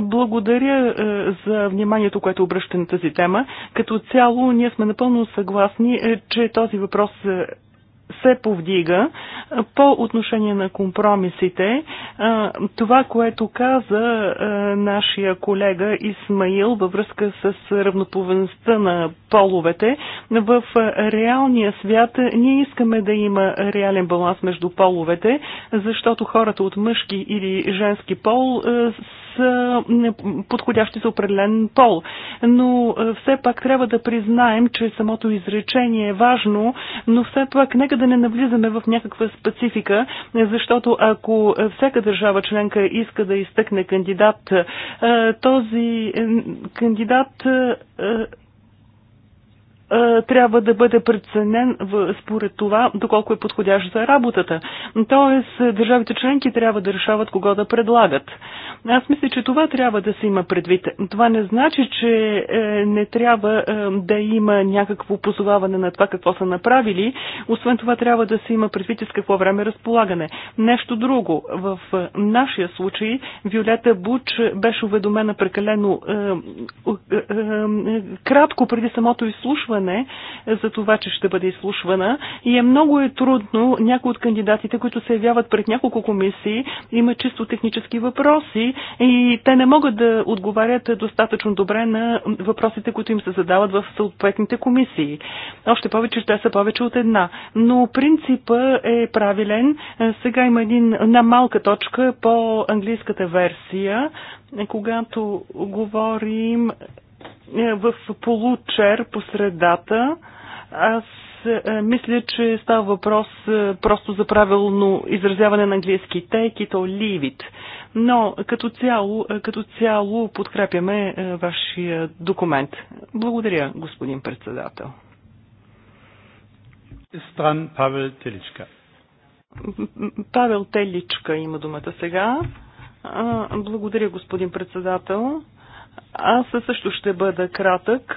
Благодаря за вниманието, което обръща на тази тема. Като цяло, ние сме напълно съгласни, че този въпрос се повдига по отношение на компромисите. Това, което каза нашия колега Исмаил във връзка с равноповенността на половете, в реалния свят ние искаме да има реален баланс между половете, защото хората от мъжки или женски пол са подходящи за определен пол. Но е, все пак трябва да признаем, че самото изречение е важно, но все пак нека да не навлизаме в някаква специфика, защото ако всяка държава членка иска да изтъкне кандидат, е, този кандидат е, е, трябва да бъде преценен според това, доколко е подходящ за работата. Тоест, е, държавите членки трябва да решават кого да предлагат. Аз мисля, че това трябва да се има предвид. Това не значи, че е, не трябва да има някакво позоваване на това какво са направили. Освен това, трябва да се има предвид и с какво време разполагане. Нещо друго. В нашия случай Виолета Буч беше уведомена прекалено е, е, е, кратко преди самото изслушване изслушване за това, че ще бъде изслушвана и е много е трудно някои от кандидатите, които се явяват пред няколко комисии, имат чисто технически въпроси и те не могат да отговарят достатъчно добре на въпросите, които им се задават в съответните комисии. Още повече, те са повече от една. Но принципа е правилен. Сега има един, една малка точка по английската версия, когато говорим е, в получер по средата. Аз е, мисля, че става въпрос е, просто за правилно изразяване на английски take it or leave it. Но като цяло, като цяло подкрепяме вашия документ. Благодаря, господин председател. Стран Павел Теличка. Павел Теличка има думата сега. Благодаря, господин председател. Аз също ще бъда кратък.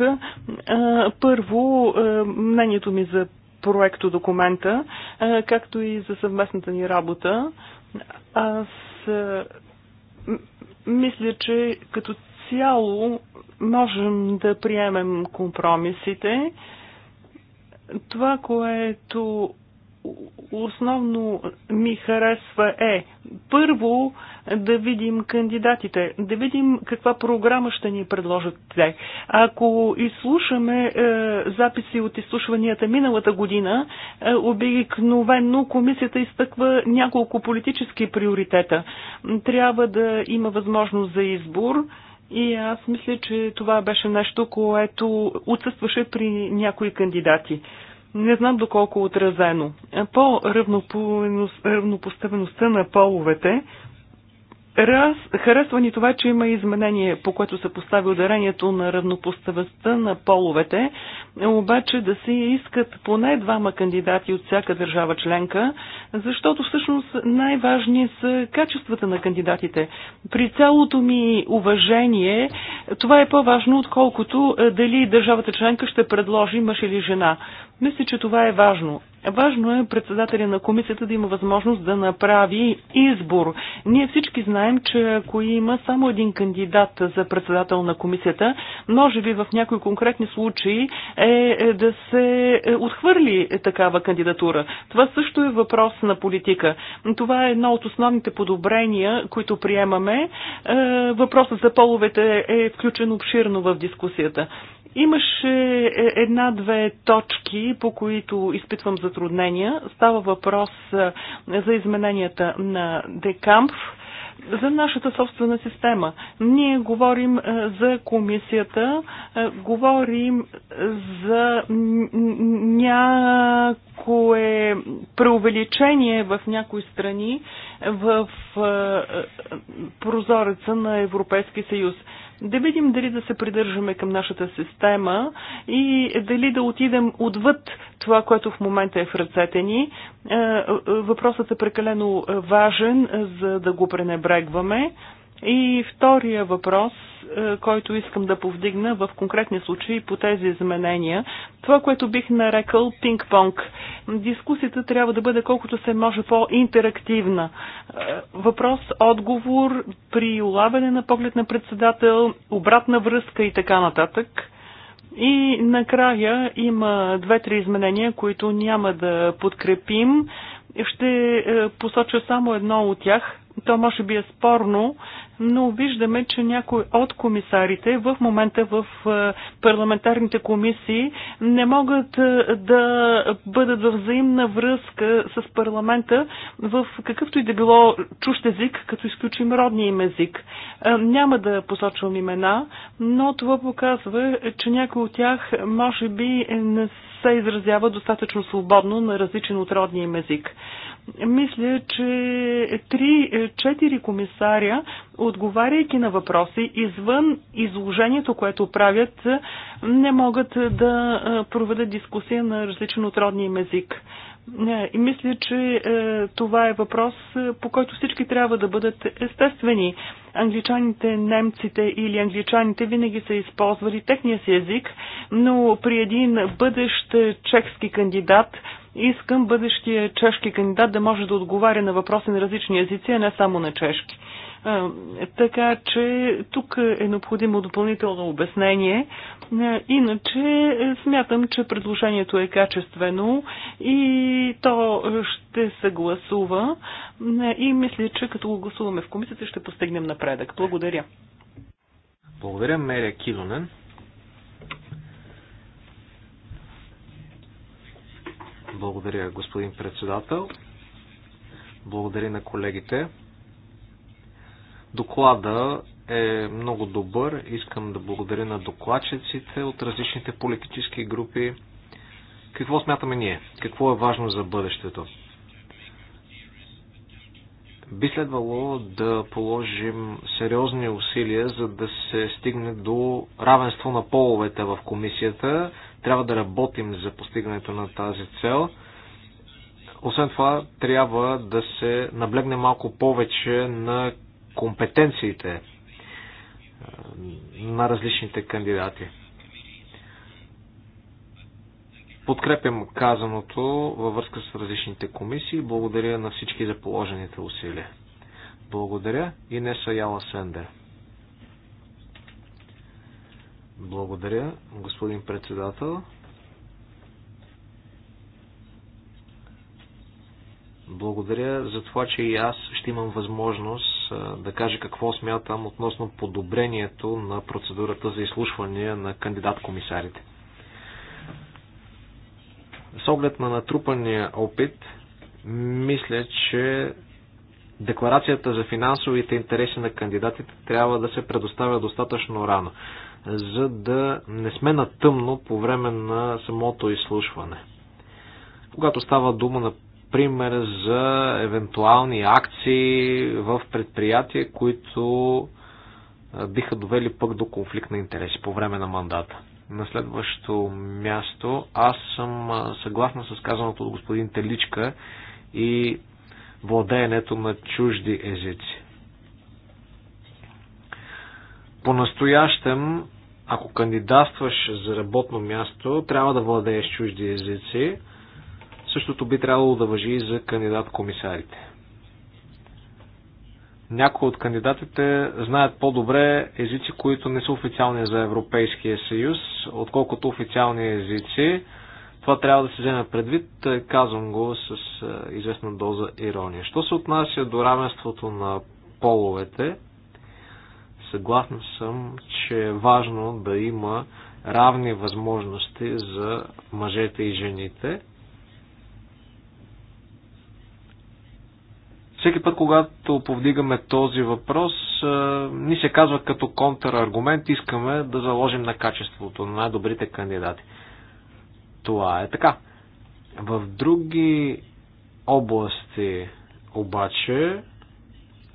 Първо, мнението ми за проекто документа, както и за съвместната ни работа. Аз мисля, че като цяло можем да приемем компромисите. Това, което основно ми харесва е първо да видим кандидатите, да видим каква програма ще ни предложат те. Ако изслушаме е, записи от изслушванията миналата година, е, обикновено комисията изтъква няколко политически приоритета. Трябва да има възможност за избор. И аз мисля, че това беше нещо, което отсъстваше при някои кандидати не знам доколко е отразено. По равнопоставеността на половете, раз, харесва ни това, че има изменение, по което се постави ударението на равнопоставеността на половете, обаче да се искат поне двама кандидати от всяка държава членка, защото всъщност най-важни са качествата на кандидатите. При цялото ми уважение, това е по-важно, отколкото е, дали държавата членка ще предложи мъж или жена. Мисля, че това е важно. Важно е председателя на комисията да има възможност да направи избор. Ние всички знаем, че ако има само един кандидат за председател на комисията, може би в някои конкретни случаи е, е да се отхвърли такава кандидатура. Това също е въпрос на политика. Това е едно от основните подобрения, които приемаме. Е, въпросът за половете е включен обширно в дискусията. Имаше е, една-две точки, по които изпитвам затруднения. Става въпрос е, за измененията на Декамп за нашата собствена система. Ние говорим е, за комисията, говорим за някое преувеличение в някои страни в прозореца на Европейски съюз. Да видим дали да се придържаме към нашата система и дали да отидем отвъд това, което в момента е в ръцете ни. Е, е, въпросът е прекалено важен, за да го пренебрегваме. И втория въпрос, е, който искам да повдигна в конкретни случаи по тези изменения, това, което бих нарекал пинг-понг. Дискусията трябва да бъде колкото се може по-интерактивна. Е, въпрос, отговор, при улавяне на поглед на председател, обратна връзка и така нататък. И накрая има две-три изменения, които няма да подкрепим. Ще е, посоча само едно от тях. То може би е спорно, но виждаме, че някои от комисарите в момента в е, парламентарните комисии не могат е, да бъдат в взаимна връзка с парламента в какъвто и да било чущ език, като изключим родния им език. Няма да посочвам имена, но това показва, че някои от тях може би не се изразява достатъчно свободно на различен от родния им език. Мисля, че три четири комисаря, отговаряйки на въпроси извън изложението, което правят, не могат да проведат дискусия на различен от родния им език. И мисля, че е, това е въпрос, е, по който всички трябва да бъдат естествени. Англичаните, немците или англичаните винаги са използвали техния си език, но при един бъдещ чешки кандидат искам бъдещия чешки кандидат да може да отговаря на въпроси на различни езици, а не само на чешки. Така че тук е необходимо допълнително обяснение. Иначе е, смятам, че предложението е качествено и то ще се гласува. И мисля, че като го гласуваме в комисията ще постигнем напредък. Благодаря. Благодаря, Мерия Килонен. Благодаря, господин председател. Благодаря на колегите. Доклада е много добър. Искам да благодаря на докладчиците от различните политически групи. Какво смятаме ние? Какво е важно за бъдещето? Би следвало да положим сериозни усилия, за да се стигне до равенство на половете в комисията. Трябва да работим за постигането на тази цел. Освен това, трябва да се наблегне малко повече на компетенциите на различните кандидати. Подкрепям казаното във връзка с различните комисии. Благодаря на всички за положените усилия. Благодаря и са Яла Сендер. Благодаря, господин председател. Благодаря за това, че и аз ще имам възможност да кажа какво смятам относно подобрението на процедурата за изслушване на кандидат-комисарите. С оглед на натрупания опит, мисля, че декларацията за финансовите интереси на кандидатите трябва да се предоставя достатъчно рано, за да не сме на тъмно по време на самото изслушване. Когато става дума, пример за евентуални акции в предприятия, които биха довели пък до конфликт на интереси по време на мандата. На следващо място, аз съм съгласна с казаното от господин Теличка и владеенето на чужди езици. По-настоящем, ако кандидатстваш за работно място, трябва да владееш чужди езици. Същото би трябвало да въжи и за кандидат-комисарите. Някои от кандидатите знаят по-добре езици, които не са официални за Европейския съюз, отколкото официални езици. Това трябва да се вземе предвид, казвам го с е, известна доза ирония. Що се отнася до равенството на половете, съгласна съм, че е важно да има равни възможности за мъжете и жените. Всеки път, когато повдигаме този въпрос, ни се казва като контраргумент, искаме да заложим на качеството на най-добрите кандидати. Това е така. В други области обаче,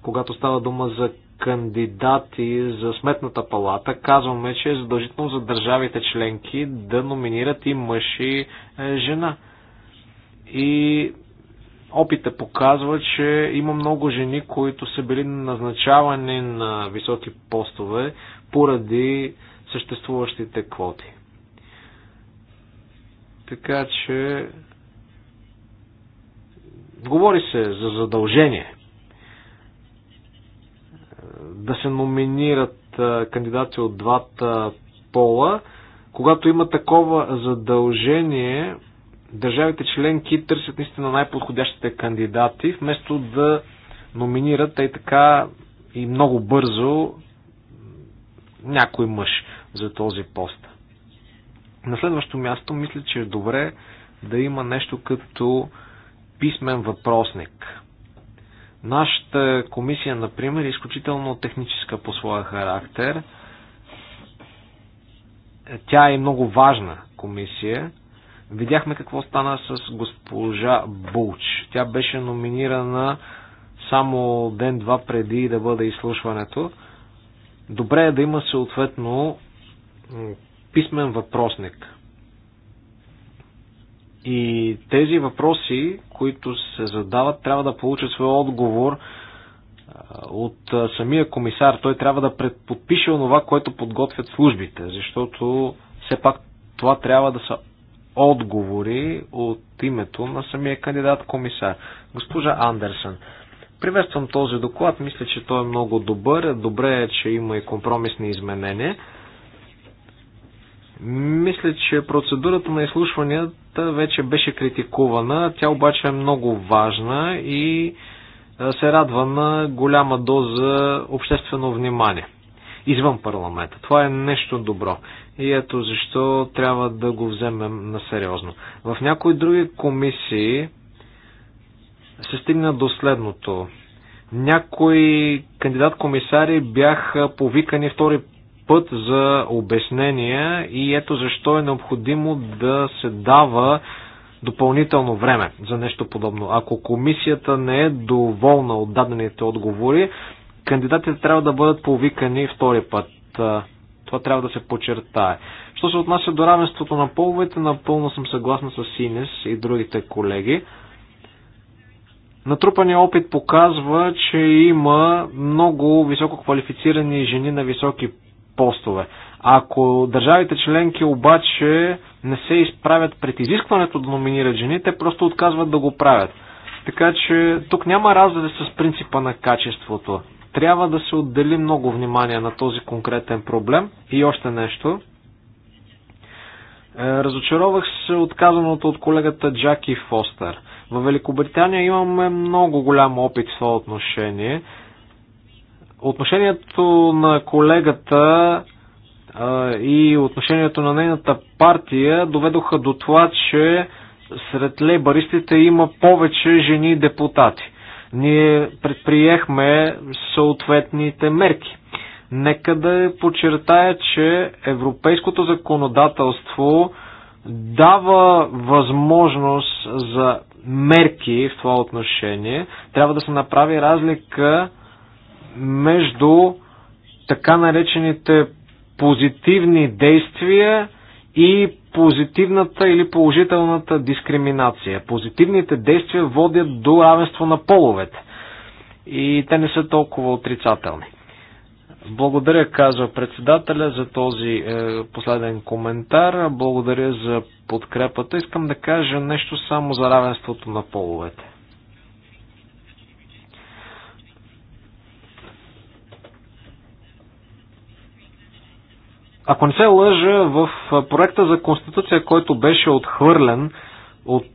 когато става дума за кандидати за сметната палата, казваме, че е задължително за държавите членки да номинират и мъж и е, жена. И Опита показва, че има много жени, които са били назначавани на високи постове поради съществуващите квоти. Така че говори се за задължение да се номинират кандидати от двата пола. Когато има такова задължение, държавите членки търсят наистина най-подходящите кандидати, вместо да номинират и така и много бързо някой мъж за този пост. На следващо място мисля, че е добре да има нещо като писмен въпросник. Нашата комисия, например, е изключително техническа по своя характер. Тя е много важна комисия. Видяхме какво стана с госпожа Булч. Тя беше номинирана само ден-два преди да бъде изслушването. Добре е да има съответно писмен въпросник. И тези въпроси, които се задават, трябва да получат своя отговор от самия комисар. Той трябва да предподпише онова, което подготвят службите, защото все пак това трябва да са отговори от името на самия кандидат комисар. Госпожа Андерсън, приветствам този доклад. Мисля, че той е много добър. Добре е, че има и компромисни изменения. Мисля, че процедурата на изслушванията вече беше критикувана. Тя обаче е много важна и се радва на голяма доза обществено внимание извън парламента. Това е нещо добро. И ето защо трябва да го вземем на сериозно. В някои други комисии се стигна до следното. Някои кандидат-комисари бяха повикани втори път за обяснения и ето защо е необходимо да се дава допълнително време за нещо подобно. Ако комисията не е доволна от дадените отговори, кандидатите трябва да бъдат повикани втори път. Това трябва да се подчертае. Що се отнася до равенството на половете, напълно съм съгласна с Инес и другите колеги. Натрупания опит показва, че има много високо квалифицирани жени на високи постове. Ако държавите членки обаче не се изправят пред изискването да номинират жени, те просто отказват да го правят. Така че тук няма разлика с принципа на качеството. Трябва да се отдели много внимание на този конкретен проблем. И още нещо. Е, разочаровах се от казаното от колегата Джаки Фостер. В Великобритания имаме много голям опит в това отношение. Отношението на колегата е, и отношението на нейната партия доведоха до това, че сред лейбаристите има повече жени депутати. Ние предприехме съответните мерки. Нека да подчертая, че европейското законодателство дава възможност за мерки в това отношение. Трябва да се направи разлика между така наречените позитивни действия и позитивната или положителната дискриминация. Позитивните действия водят до равенство на половете и те не са толкова отрицателни. Благодаря, казва председателя, за този е, последен коментар. Благодаря за подкрепата. Искам да кажа нещо само за равенството на половете. Ако не се лъжа, в проекта за Конституция, който беше отхвърлен от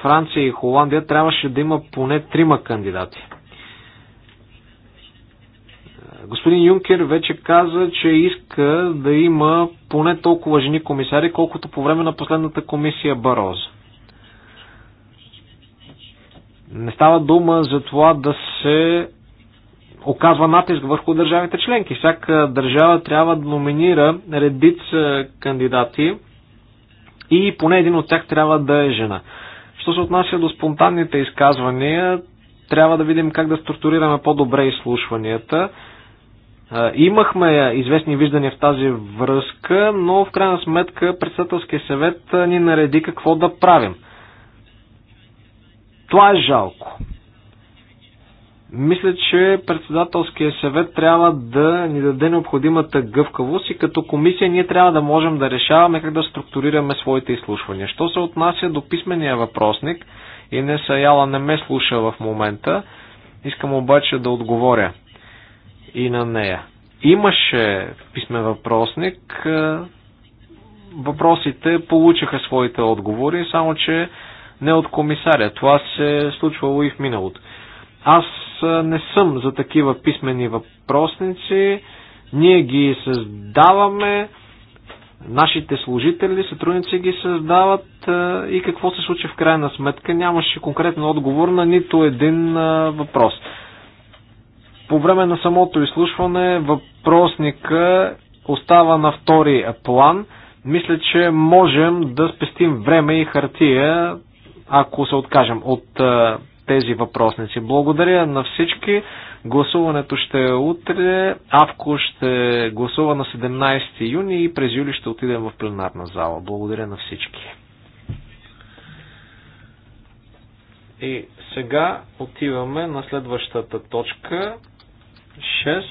Франция и Холандия, трябваше да има поне трима кандидати. Господин Юнкер вече каза, че иска да има поне толкова жени комисари, колкото по време на последната комисия Бароз. Не става дума за това да се оказва натиск върху държавите членки. Всяка държава трябва да номинира редица кандидати и поне един от тях трябва да е жена. Що се отнася до спонтанните изказвания, трябва да видим как да структурираме по-добре изслушванията. Имахме известни виждания в тази връзка, но в крайна сметка председателския съвет ни нареди какво да правим. Това е жалко. Мисля, че председателския съвет трябва да ни даде необходимата гъвкавост и като комисия ние трябва да можем да решаваме как да структурираме своите изслушвания. Що се отнася до писмения въпросник, и не Саяла не ме слуша в момента, искам обаче да отговоря и на нея. Имаше писмен въпросник, е, въпросите получиха своите отговори, само че не от комисаря. Това се е случвало и в миналото. Аз не съм за такива писмени въпросници. Ние ги създаваме, нашите служители, сътрудници ги създават и какво се случи в крайна сметка. Нямаше конкретен отговор на нито един въпрос. По време на самото изслушване въпросника остава на втори план. Мисля, че можем да спестим време и хартия, ако се откажем от тези въпросници. Благодаря на всички. Гласуването ще е утре. Авко ще гласува на 17 юни и през юли ще отидем в пленарна зала. Благодаря на всички. И сега отиваме на следващата точка. 6.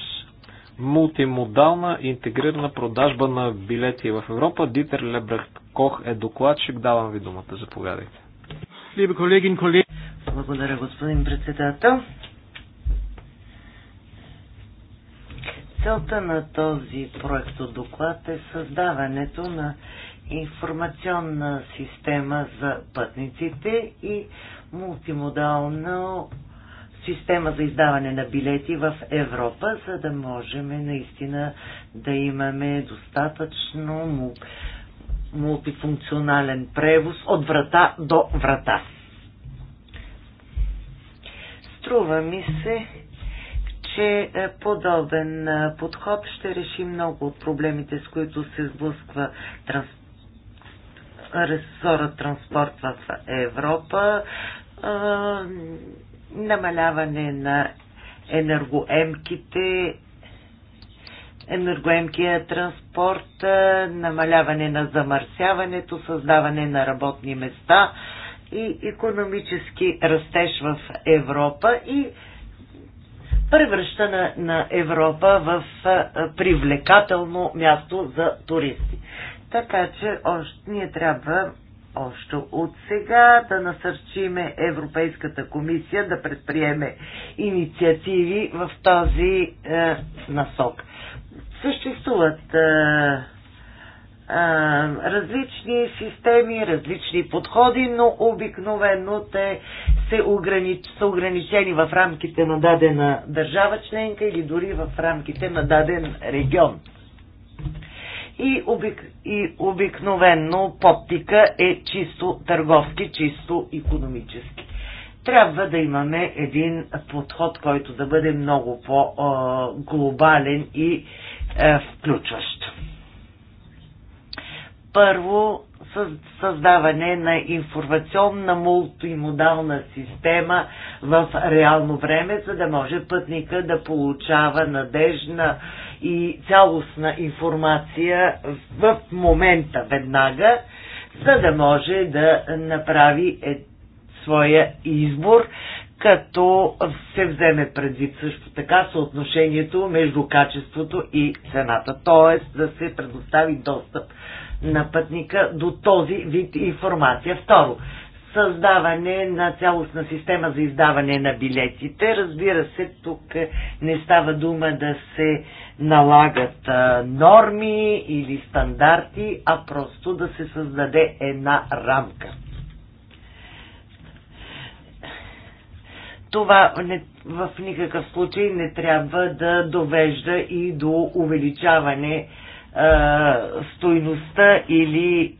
Мултимодална интегрирана продажба на билети в Европа. Дитер Лебрехт Кох е докладчик. Давам ви думата. Заповядайте. Liebe колеги и колеги, благодаря, господин председател. Целта на този проект от доклад е създаването на информационна система за пътниците и мултимодална система за издаване на билети в Европа, за да можем наистина да имаме достатъчно мултифункционален превоз от врата до врата. Струва ми се, че е, подобен е, подход ще реши много от проблемите, с които се сблъсква транс... ресора транспорт в Европа, а, е, намаляване на енергоемките, енергоемкия транспорт, намаляване на замърсяването, създаване на работни места – и економически растеж в Европа и превръща на, на Европа в а, привлекателно място за туристи. Така че още, ние трябва още от сега да насърчиме Европейската комисия да предприеме инициативи в тази е, насок. Съществуват е, различни системи, различни подходи, но обикновено те се огранич... са ограничени в рамките на дадена държава членка или дори в рамките на даден регион. И, обик... и обикновено подтика е чисто търговски, чисто економически. Трябва да имаме един подход, който да бъде много по-глобален и включващ. Първо, създаване на информационна мултимодална система в реално време, за да може пътника да получава надежна и цялостна информация в момента веднага, за да може да направи е, своя избор, като се вземе предвид също така съотношението между качеството и цената, т.е. да се предостави достъп на пътника до този вид информация. Второ, създаване на цялостна система за издаване на билетите. Разбира се, тук не става дума да се налагат норми или стандарти, а просто да се създаде една рамка. Това не, в никакъв случай не трябва да довежда и до увеличаване стойността или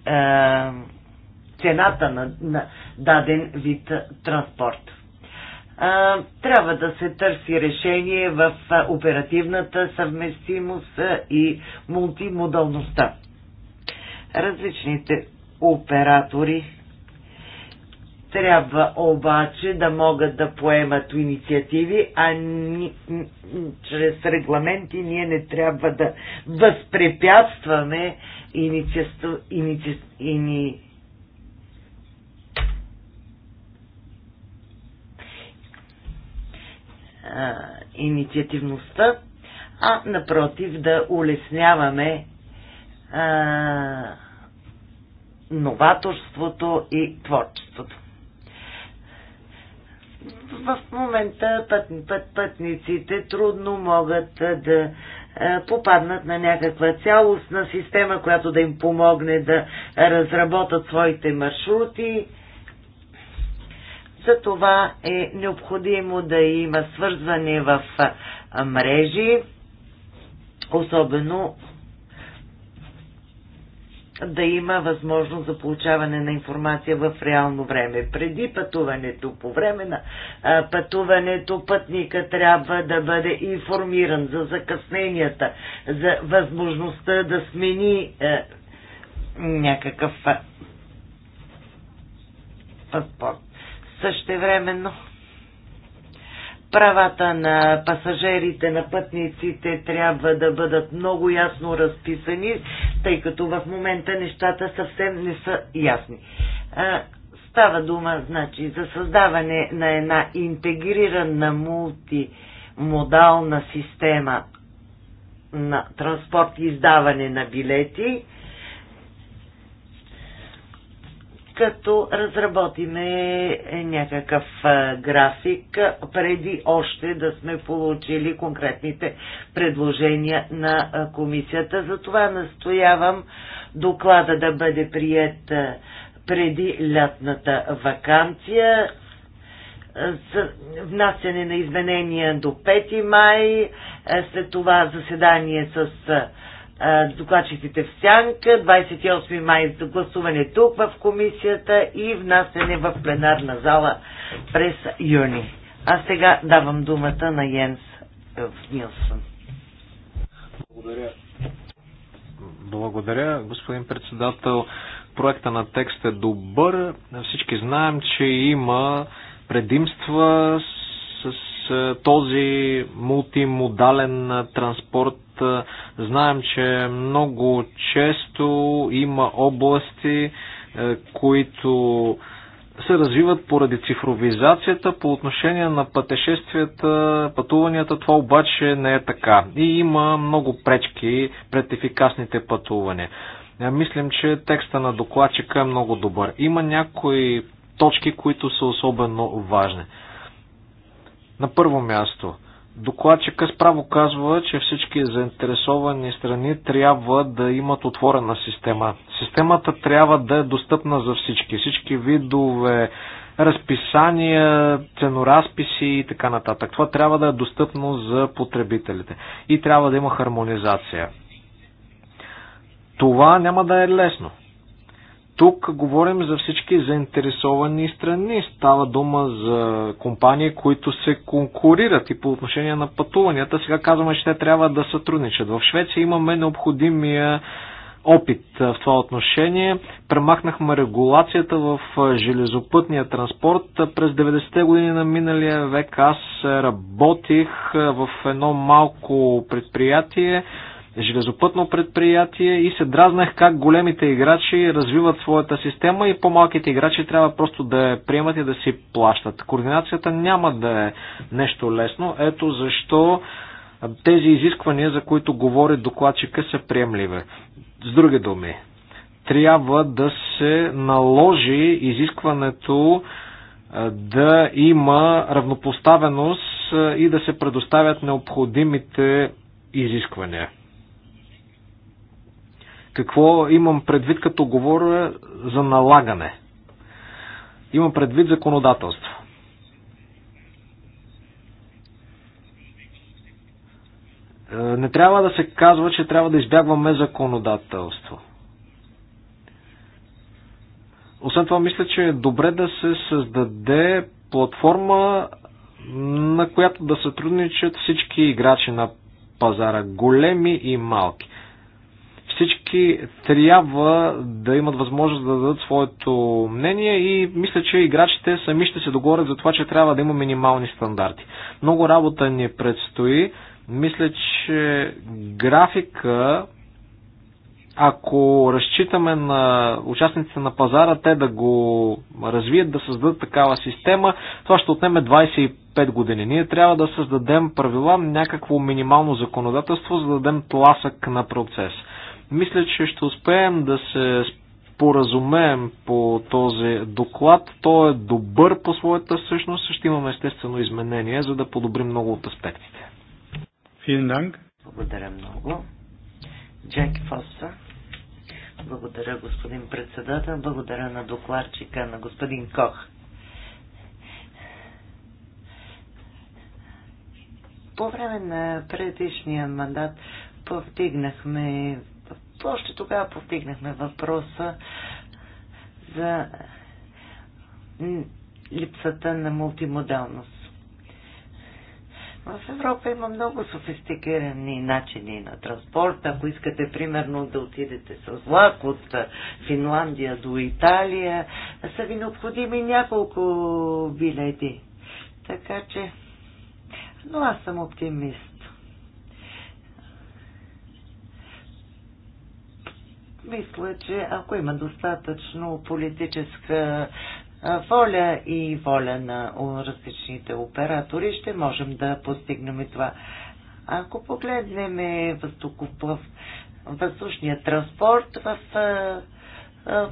цената на, на даден вид транспорт. А, трябва да се търси решение в оперативната съвместимост и мултимодалността. Различните оператори трябва обаче да могат да поемат инициативи, а ни, чрез регламенти ние не трябва да възпрепятстваме инициативи. Иници... Ини... инициативността, а напротив да улесняваме а, новаторството и творчеството в момента път, път, пътниците трудно могат да е, попаднат на някаква цялостна система, която да им помогне да разработят своите маршрути. За това е необходимо да има свързване в е, мрежи, особено да има възможност за получаване на информация в реално време. Преди пътуването, по време на а, пътуването, пътника трябва да бъде информиран за закъсненията, за възможността да смени а, е, някакъв а, паспорт. Същевременно, правата на пасажирите, на пътниците трябва да бъдат много ясно разписани, тъй като в момента нещата съвсем не са ясни. Става дума, значи, за създаване на една интегрирана мултимодална система на транспорт и издаване на билети, като разработиме някакъв график преди още да сме получили конкретните предложения на комисията. Затова настоявам доклада да бъде прият преди лятната вакансия за внасяне на изменения до 5 май, след това заседание с докладчиците в Сянка, 28 май гласуване тук в комисията и внасене в пленарна зала през юни. А сега давам думата на Йенс е, Нилсън. Благодаря. Благодаря, господин председател. Проекта на текст е добър. Всички знаем, че има предимства с е, този мултимодален е, транспорт е, знаем, че много често има области, е, които се развиват поради цифровизацията по отношение на пътешествията, пътуванията. Това обаче не е така. И има много пречки пред ефикасните пътувания. Е, мислим, че текста на докладчика е много добър. Има някои точки, които са особено важни. На първо място, Докладчика справо казва, че всички заинтересовани страни трябва да имат отворена система. Системата трябва да е достъпна за всички. Всички видове разписания, ценоразписи и така нататък. Това трябва да е достъпно за потребителите. И трябва да има хармонизация. Това няма да е лесно. Тук говорим за всички заинтересовани страни. Става дума за компании, които се конкурират и по отношение на пътуванията. Сега казваме, че те трябва да сътрудничат. В Швеция имаме необходимия опит в това отношение. Премахнахме регулацията в железопътния транспорт. През 90-те години на миналия век аз работих в едно малко предприятие, железопътно предприятие и се дразнах как големите играчи развиват своята система и по-малките играчи трябва просто да я приемат и да си плащат. Координацията няма да е нещо лесно. Ето защо тези изисквания, за които говори докладчика, са приемливи. С други думи, трябва да се наложи изискването да има равнопоставеност и да се предоставят необходимите изисквания. Какво имам предвид като говоря за налагане? Имам предвид законодателство. Е, не трябва да се казва, че трябва да избягваме законодателство. Освен това, мисля, че е добре да се създаде платформа, на която да сътрудничат всички играчи на пазара, големи и малки. Всички трябва да имат възможност да дадат своето мнение и мисля, че играчите сами ще се договорят за това, че трябва да има минимални стандарти. Много работа ни предстои. Мисля, че графика ако разчитаме на участниците на пазара, те да го развият, да създадат такава система, това ще отнеме 25 години. Ние трябва да създадем правила, някакво минимално законодателство, за да дадем тласък на процес. Мисля, че ще успеем да се споразумеем по този доклад. Той е добър по своята същност. Ще имаме естествено изменения, за да подобрим много от аспектите. Благодаря много. Джеки Фоса. Благодаря, господин председател. Благодаря на докладчика, на господин Кох. По време на предишния мандат повдигнахме още тогава повдигнахме въпроса за липсата на мултимодалност. В Европа има много софистикирани начини на транспорт. Ако искате, примерно, да отидете с влак от Финландия до Италия, са ви необходими няколко билети. Така че, но аз съм оптимист. Мисля, че ако има достатъчно политическа воля и воля на различните оператори, ще можем да постигнем това. Ако погледнем въздушния транспорт в,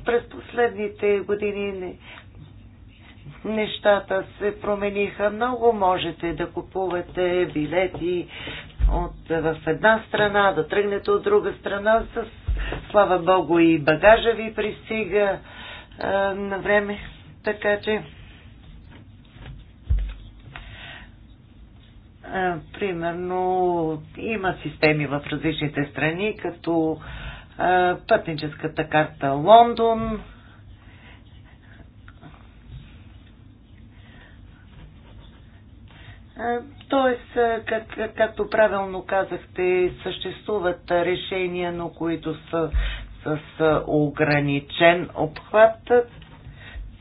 през последните години нещата се промениха много. Можете да купувате билети от, в една страна, да тръгнете от друга страна с Слава Богу и багажа ви пристига а, на време. Така че а, примерно има системи в различните страни, като а, пътническата карта Лондон, Тоест, как, както правилно казахте, съществуват решения, но които са с ограничен обхват.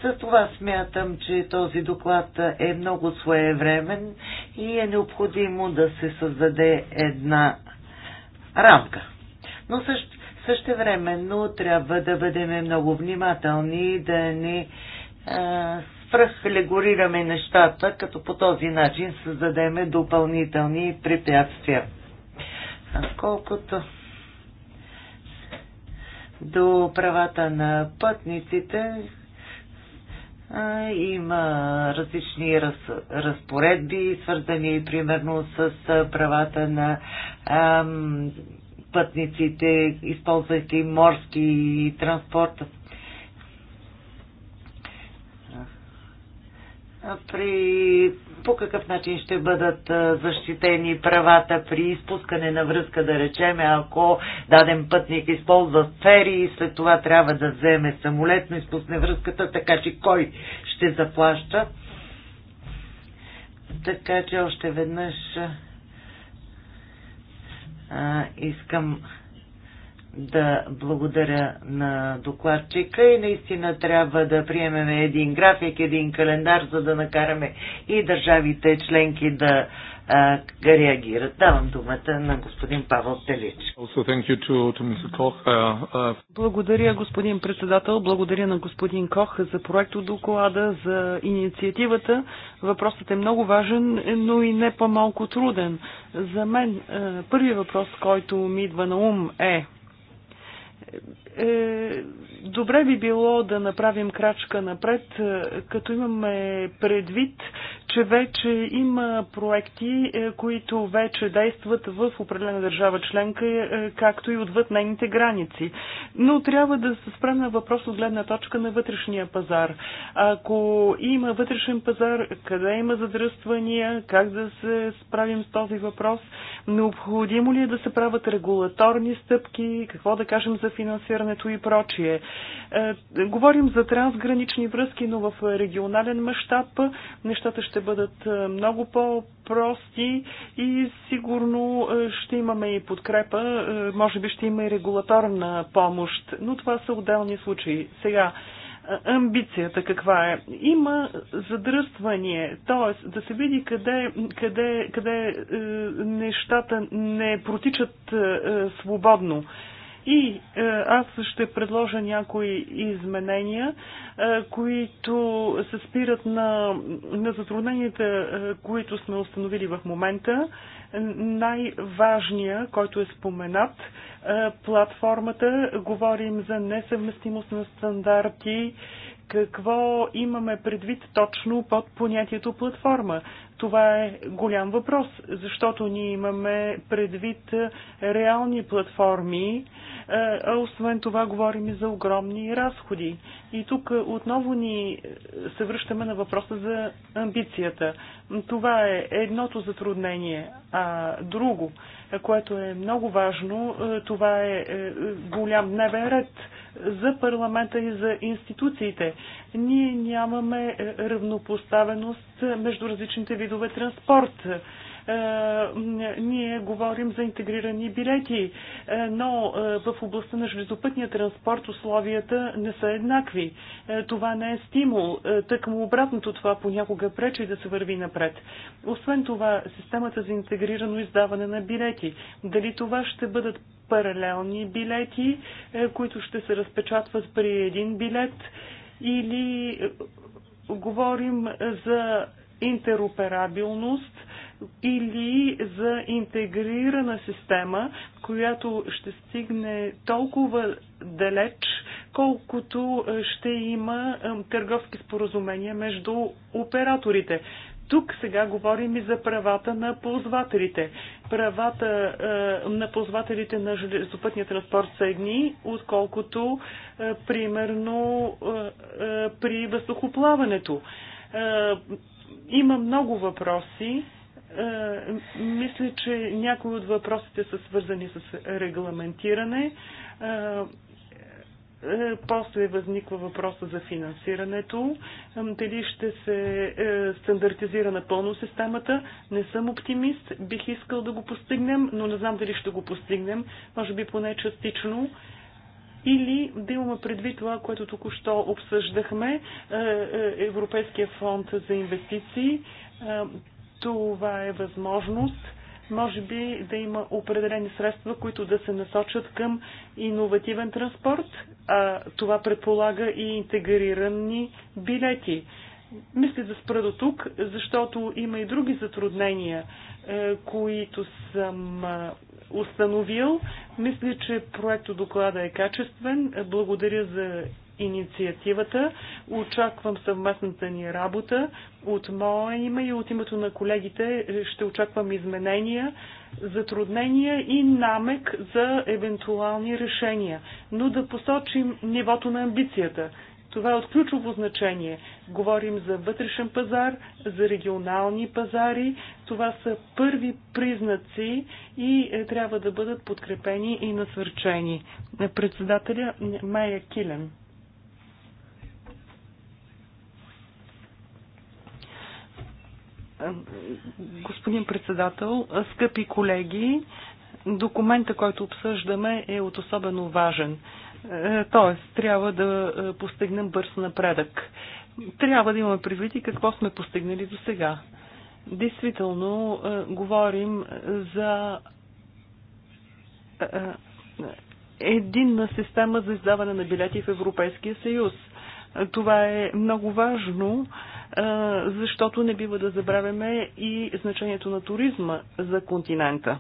За това смятам, че този доклад е много своевремен и е необходимо да се създаде една рамка. Но също, същевременно трябва да бъдем много внимателни и да не а, свръхлегорираме нещата, като по този начин създадеме допълнителни препятствия. Колкото до правата на пътниците, има различни раз, разпоредби, свързани примерно с правата на а, пътниците, използвайки морски транспорт, при по какъв начин ще бъдат защитени правата при изпускане на връзка, да речеме, ако даден пътник използва фери и след това трябва да вземе самолет, но изпусне връзката, така че кой ще заплаща. Така че още веднъж а, искам да благодаря на докладчика и наистина трябва да приемем един график, един календар, за да накараме и държавите членки да а, реагират. Давам думата на господин Павел Телич. Uh, uh, благодаря, господин председател. Благодаря на господин Кох за проекто доклада, за инициативата. Въпросът е много важен, но и не по-малко труден. За мен е, първият въпрос, който ми идва на ум е е, добре би било да направим крачка напред, е, като имаме предвид, че вече има проекти, е, които вече действат в определена държава членка, както и отвъд нейните граници. Но трябва да се спрем на въпрос от гледна точка на вътрешния пазар. Ако има вътрешен пазар, къде има задръствания, как да се справим с този въпрос, необходимо ли е да се правят регулаторни стъпки, какво да кажем за финансирането, финансирането и прочие. Е, говорим за трансгранични връзки, но в регионален мащаб нещата ще бъдат е, много по-прости и сигурно е, ще имаме и подкрепа, може би ще има и регулаторна помощ, но това са отделни случаи. Сега, амбицията каква е. Има задръстване, т.е. да се види къде, къде, къде е, нещата не протичат е, свободно. И е, аз ще предложа някои изменения, е, които се спират на, на затрудненията, е, които сме установили в момента. Най-важния, който е споменат, е, платформата, говорим за несъвместимост на стандарти, е, какво имаме предвид точно под понятието платформа. Това е голям въпрос, защото ние имаме предвид реални платформи, а освен това говорим и за огромни разходи. И тук отново ни се връщаме на въпроса за амбицията. Това е едното затруднение, а друго, което е много важно, това е, е голям дневен ред за парламента и за институциите. Ние нямаме равнопоставеност между различните видове транспорт. Е, ние говорим за интегрирани билети, е, но е, в областта на железопътния транспорт условията не са еднакви. Това не е стимул. Тък му обратното това понякога пречи да се върви напред. Освен това, системата за интегрирано издаване на билети. Дали това ще бъдат паралелни билети, които ще се разпечатват при един билет или говорим за интероперабилност – или за интегрирана система, която ще стигне толкова далеч, колкото е, ще има е, търговски споразумения между операторите. Тук сега говорим и за правата на ползвателите. Правата е, на ползвателите на железопътния транспорт са едни, отколкото е, примерно е, е, при въздухоплаването. Е, има много въпроси, е, мисля, че някои от въпросите са свързани с регламентиране. Е, е, после възниква въпроса за финансирането. Дали ще се стандартизира напълно системата? Не съм оптимист. Бих искал да го постигнем, но не знам дали ще го постигнем. Може би поне частично. Или да имаме предвид това, което току-що обсъждахме, Европейския фонд за инвестиции. Това е възможност, може би, да има определени средства, които да се насочат към иновативен транспорт, а това предполага и интегрирани билети. Мисля да спра до тук, защото има и други затруднения, е, които съм е, установил. Мисля, че проектодоклада доклада е качествен. Благодаря за инициативата. Очаквам съвместната ни работа. От мое име и от името на колегите ще очаквам изменения, затруднения и намек за евентуални решения. Но да посочим нивото на амбицията. Това е от ключово значение. Говорим за вътрешен пазар, за регионални пазари. Това са първи признаци и е, трябва да бъдат подкрепени и насърчени. Председателя Майя Килен. Господин председател, скъпи колеги, документа, който обсъждаме, е от особено важен. Тоест, трябва да постигнем бърз напредък. Трябва да имаме предвид и какво сме постигнали до сега. Действително, е, говорим за е, е, единна система за издаване на билети в Европейския съюз. Това е много важно, защото не бива да забравяме и значението на туризма за континента.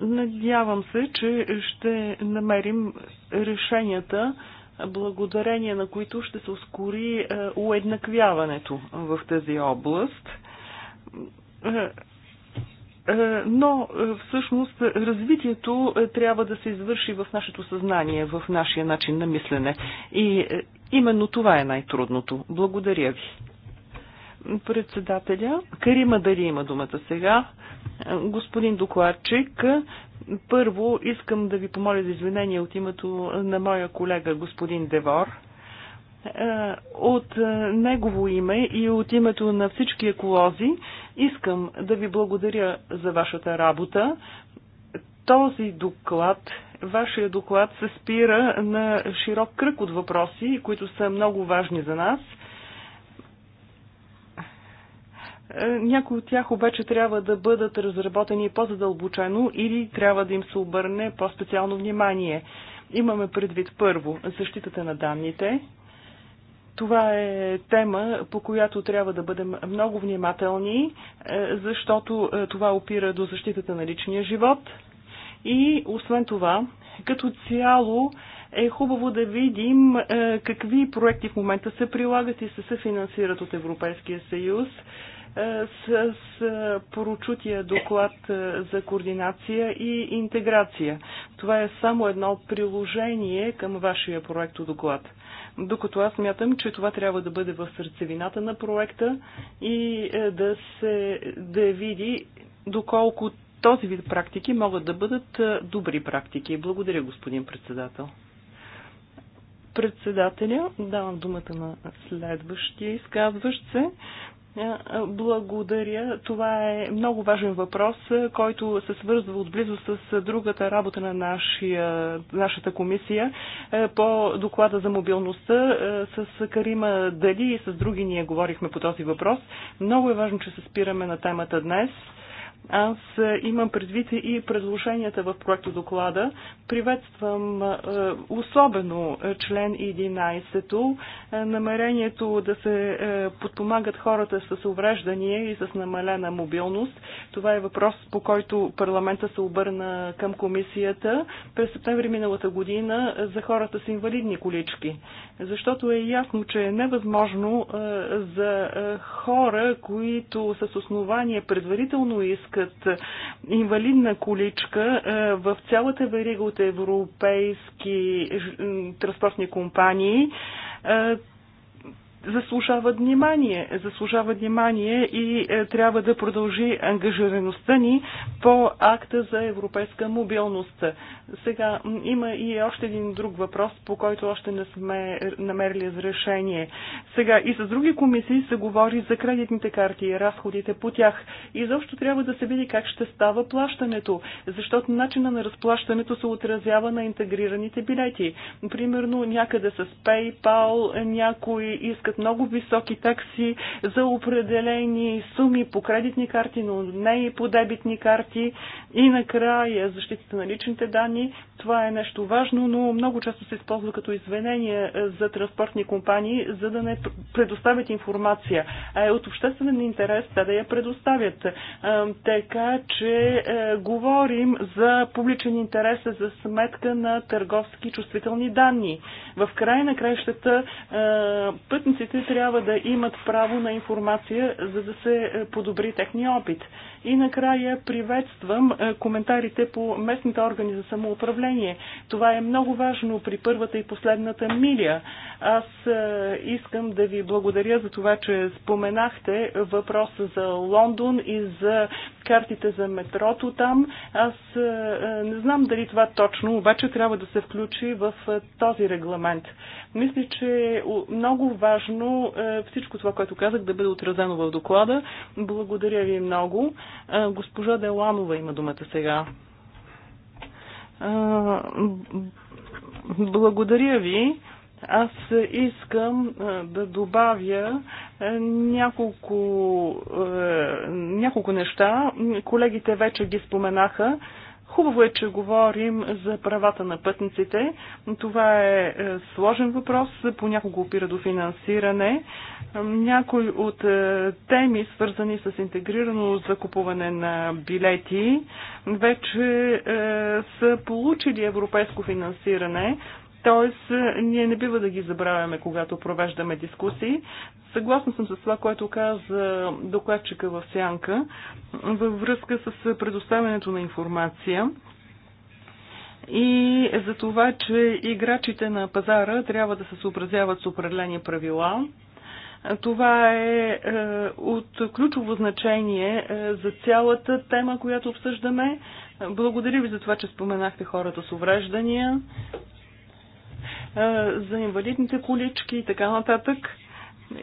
Надявам се, че ще намерим решенията, благодарение на които ще се ускори уеднаквяването в тази област е, но е, всъщност развитието е, трябва да се извърши в нашето съзнание, в нашия начин на мислене. И именно това е най-трудното. Благодаря ви. Председателя, Карима Дали има думата сега. Господин докладчик, първо искам да ви помоля за извинение от името на моя колега господин Девор е, от е, негово име и от името на всички еколози искам да ви благодаря за вашата работа. Този доклад, вашия доклад се спира на широк кръг от въпроси, които са много важни за нас. Е, някои от тях обаче трябва да бъдат разработени по-задълбочено или трябва да им се обърне по-специално внимание. Имаме предвид първо защитата на данните, това е тема, по която трябва да бъдем много внимателни, е, защото е, това опира до защитата на личния живот. И освен това, като цяло е хубаво да видим е, какви проекти в момента се прилагат и се съфинансират от Европейския съюз с, поручутия прочутия доклад за координация и интеграция. Това е само едно приложение към вашия проект доклад. Докато аз мятам, че това трябва да бъде в сърцевината на проекта и е, да се да види доколко този вид практики могат да бъдат е, добри практики. Благодаря, господин председател. Председателя, давам думата на следващия изказващ се. Е, благодаря. Това е много важен въпрос, е, който се свързва отблизо с другата работа на нашия, нашата комисия е, по доклада за мобилността. С Карима Дали и с други ние говорихме по този въпрос. Много е важно, че се спираме на темата днес. Аз е, имам предвид и предложенията в проекта доклада. Приветствам е, особено е, член 11 намерението да се подпомагат хората с увреждания и с намалена мобилност. Това е въпрос, по който парламента се обърна към комисията през септември миналата година за хората с инвалидни колички. Защото е ясно, че е невъзможно за хора, които с основание предварително искат искат е, инвалидна количка е, в цялата верига от европейски е, транспортни компании, заслужават внимание. Заслужава внимание и е, трябва да продължи ангажираността ни по акта за европейска мобилност. Сега има и още един друг въпрос, по който още не сме намерили за решение. Сега и с други комисии се говори за кредитните карти и разходите по тях. И защо трябва да се види как ще става плащането, защото начина на разплащането се отразява на интегрираните билети. Примерно някъде с PayPal някой иска искат много високи такси за определени суми по кредитни карти, но не и по дебитни карти. И накрая защитата на личните данни. Това е нещо важно, но много често се използва като извинение за транспортни компании, за да не предоставят информация. А е от обществен интерес те да я предоставят. Така че е, говорим за публичен интерес за сметка на търговски чувствителни данни. В край на краищата е, пътниците Работниците трябва да имат право на информация, за да се подобри техния опит. И накрая приветствам е, коментарите по местните органи за самоуправление. Това е много важно при първата и последната милия. Аз е, искам да ви благодаря за това, че споменахте въпроса за Лондон и за картите за метрото там. Аз е, не знам дали това точно, обаче трябва да се включи в този регламент. Мисля, че е много важно всичко това, което казах, да бъде отразено в доклада. Благодаря ви много. Е, госпожа Деланова има думата сега. Е, благодаря ви. Аз искам е, да добавя няколко, няколко неща. Колегите вече ги споменаха. Хубаво е, че говорим за правата на пътниците. Това е, е сложен въпрос, понякога опира до финансиране. Някои от е, теми, свързани с интегрирано закупуване на билети, вече е, са получили европейско финансиране. Тоест, ние не бива да ги забравяме, когато провеждаме дискусии. Съгласна съм с това, което каза докладчика в Сянка във връзка с предоставянето на информация и за това, че играчите на пазара трябва да се съобразяват с определени правила. Това е, е от ключово значение е, за цялата тема, която обсъждаме. Благодаря ви за това, че споменахте хората с увреждания за инвалидните колички и така нататък.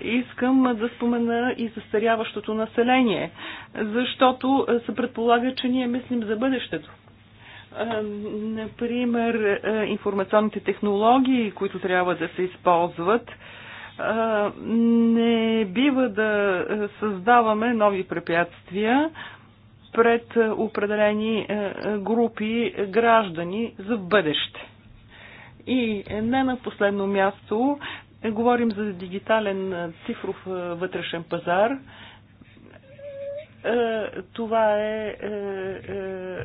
Искам да спомена и застаряващото население, защото се предполага, че ние мислим за бъдещето например, информационните технологии, които трябва да се използват, не бива да създаваме нови препятствия пред определени групи граждани за бъдеще. И не на последно място, говорим за дигитален цифров вътрешен пазар. Е, това е, е, е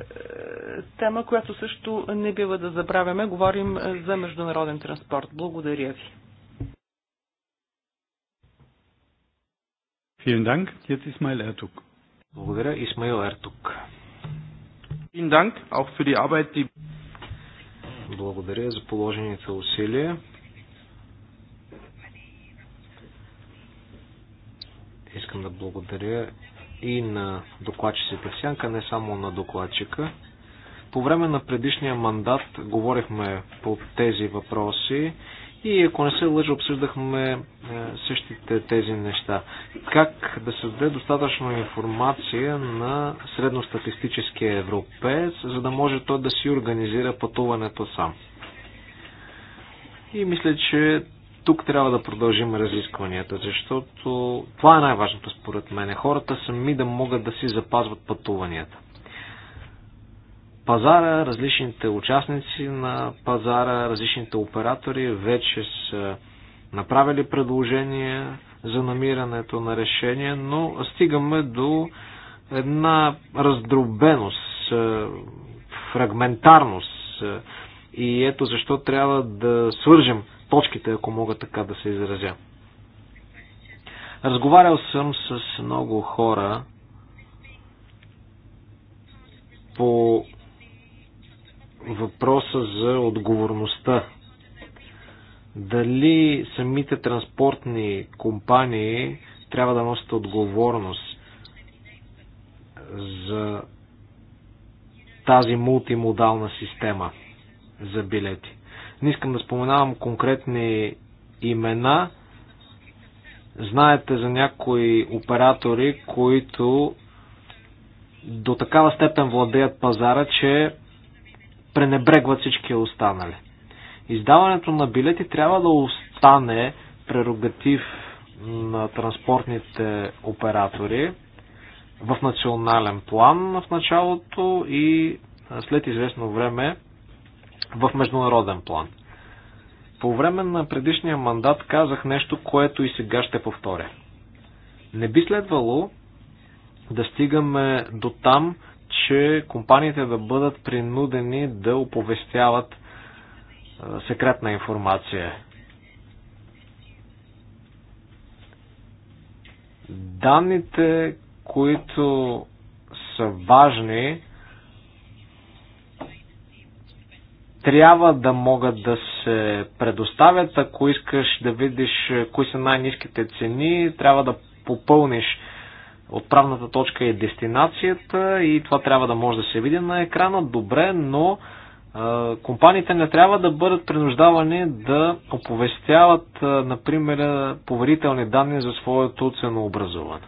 тема, която също не бива да забравяме. Говорим за международен транспорт. Благодаря ви. Vielen Dank. Jetzt Ismail Ertug. Благодаря, Исмаил Ертук. Vielen Dank auch für die Arbeit, die благодаря за положените усилия. Искам да благодаря и на докладчиците сянка, не само на докладчика. По време на предишния мандат говорихме по тези въпроси. И ако не се лъжа, обсъждахме е, същите тези неща. Как да се даде достатъчно информация на средностатистическия европеец, за да може той да си организира пътуването сам. И мисля, че тук трябва да продължим разискванията, защото това е най-важното според мен. Хората сами да могат да си запазват пътуванията пазара, различните участници на пазара, различните оператори вече са направили предложения за намирането на решение, но стигаме до една раздробеност, е, фрагментарност е, и ето защо трябва да свържем точките, ако мога така да се изразя. Разговарял съм с много хора по въпроса за отговорността. Дали самите транспортни компании трябва да носят отговорност за тази мултимодална система за билети. Не искам да споменавам конкретни имена. Знаете за някои оператори, които до такава степен владеят пазара, че пренебрегват всички останали. Издаването на билети трябва да остане прерогатив на транспортните оператори в национален план в началото и след известно време в международен план. По време на предишния мандат казах нещо, което и сега ще повторя. Не би следвало да стигаме до там, че компаниите да бъдат принудени да оповестяват е, секретна информация. Данните, които са важни, трябва да могат да се предоставят. Ако искаш да видиш е, кои са най-низките цени, трябва да попълниш Отправната точка е дестинацията и това трябва да може да се види на екрана. Добре, но компаниите не трябва да бъдат принуждавани да оповестяват, например, поверителни данни за своето ценообразуване.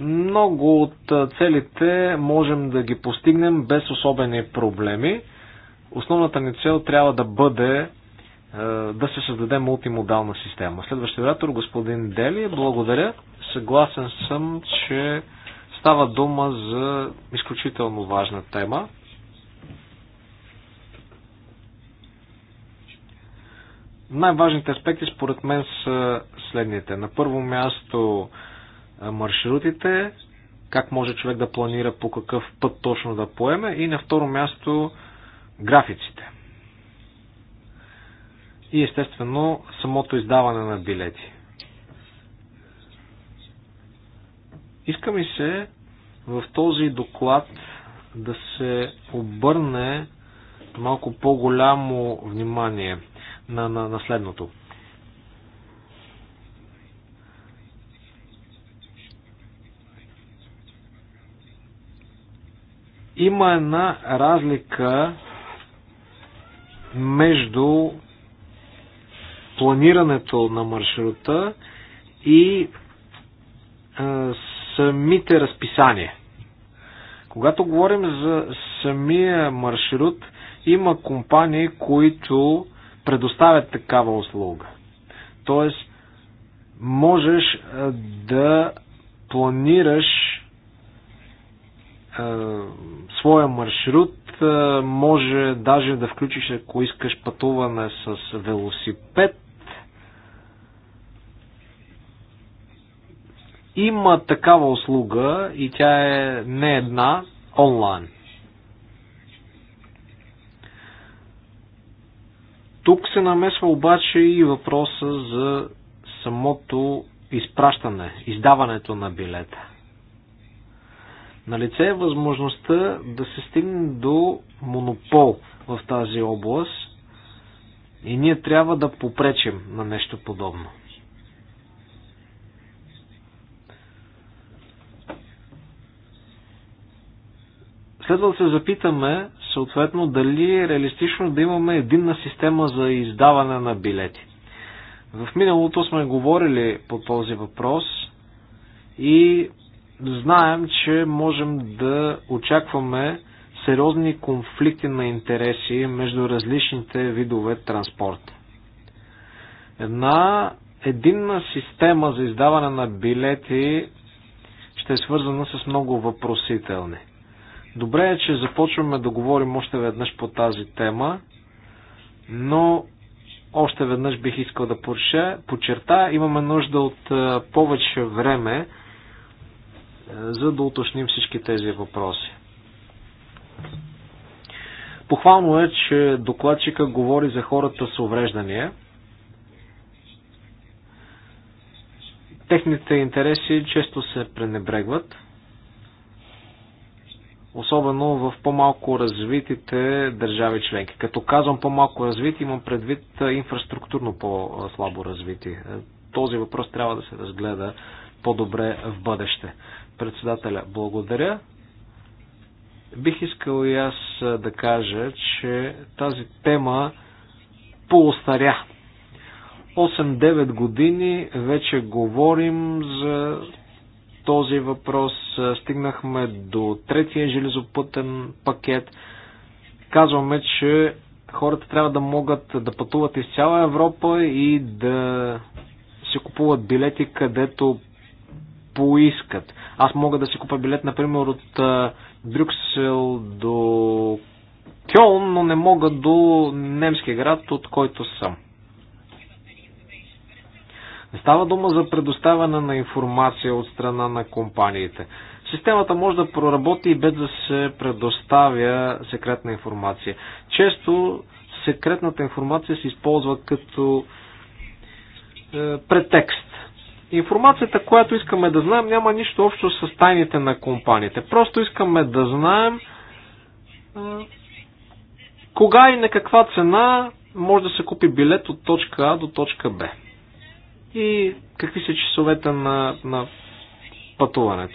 Много от целите можем да ги постигнем без особени проблеми. Основната ни цел трябва да бъде е, да се създаде мултимодална система. Следващия оратор, господин Дели, благодаря. Съгласен съм, че става дума за изключително важна тема. Най-важните аспекти според мен са следните. На първо място е, маршрутите, как може човек да планира по какъв път точно да поеме и на второ място графиците и естествено самото издаване на билети. Иска ми се в този доклад да се обърне малко по-голямо внимание на, на, на следното. Има една разлика между планирането на маршрута и а, самите разписания. Когато говорим за самия маршрут, има компании, които предоставят такава услуга. Тоест, можеш да планираш е, своя маршрут, е, може даже да включиш, ако искаш пътуване с велосипед, Има такава услуга и тя е не една, онлайн. Тук се намесва обаче и въпроса за самото изпращане, издаването на билета. Налице е възможността да се стигне до монопол в тази област и ние трябва да попречим на нещо подобно. Следва да се запитаме, съответно, дали е реалистично да имаме единна система за издаване на билети. В миналото сме говорили по този въпрос и знаем, че можем да очакваме сериозни конфликти на интереси между различните видове транспорт. Една единна система за издаване на билети ще е свързана с много въпросителни. Добре е, че започваме да говорим още веднъж по тази тема, но още веднъж бих искал да подчертая, имаме нужда от е, повече време, е, за да уточним всички тези въпроси. Похвално е, че докладчика говори за хората с увреждания. Техните интереси често се пренебрегват – особено в по-малко развитите държави членки. Като казвам по-малко развити, имам предвид инфраструктурно по-слабо развити. Е, този въпрос трябва да се разгледа по-добре в бъдеще. Председателя, благодаря. Бих искал и аз да кажа, че тази тема поостаря. 8-9 години вече говорим за този въпрос. Стигнахме до третия железопътен пакет. Казваме, че хората трябва да могат да пътуват из цяла Европа и да се купуват билети където поискат. Аз мога да си купа билет, например, от Брюксел до Кьолн, но не мога до немския град, от който съм. Става дума за предоставяне на информация от страна на компаниите. Системата може да проработи и без да се предоставя секретна информация. Често секретната информация се използва като е, претекст. Информацията, която искаме да знаем, няма нищо общо с тайните на компаниите. Просто искаме да знаем е, кога и на каква цена може да се купи билет от точка А до точка Б и какви са часовете на, на пътуването.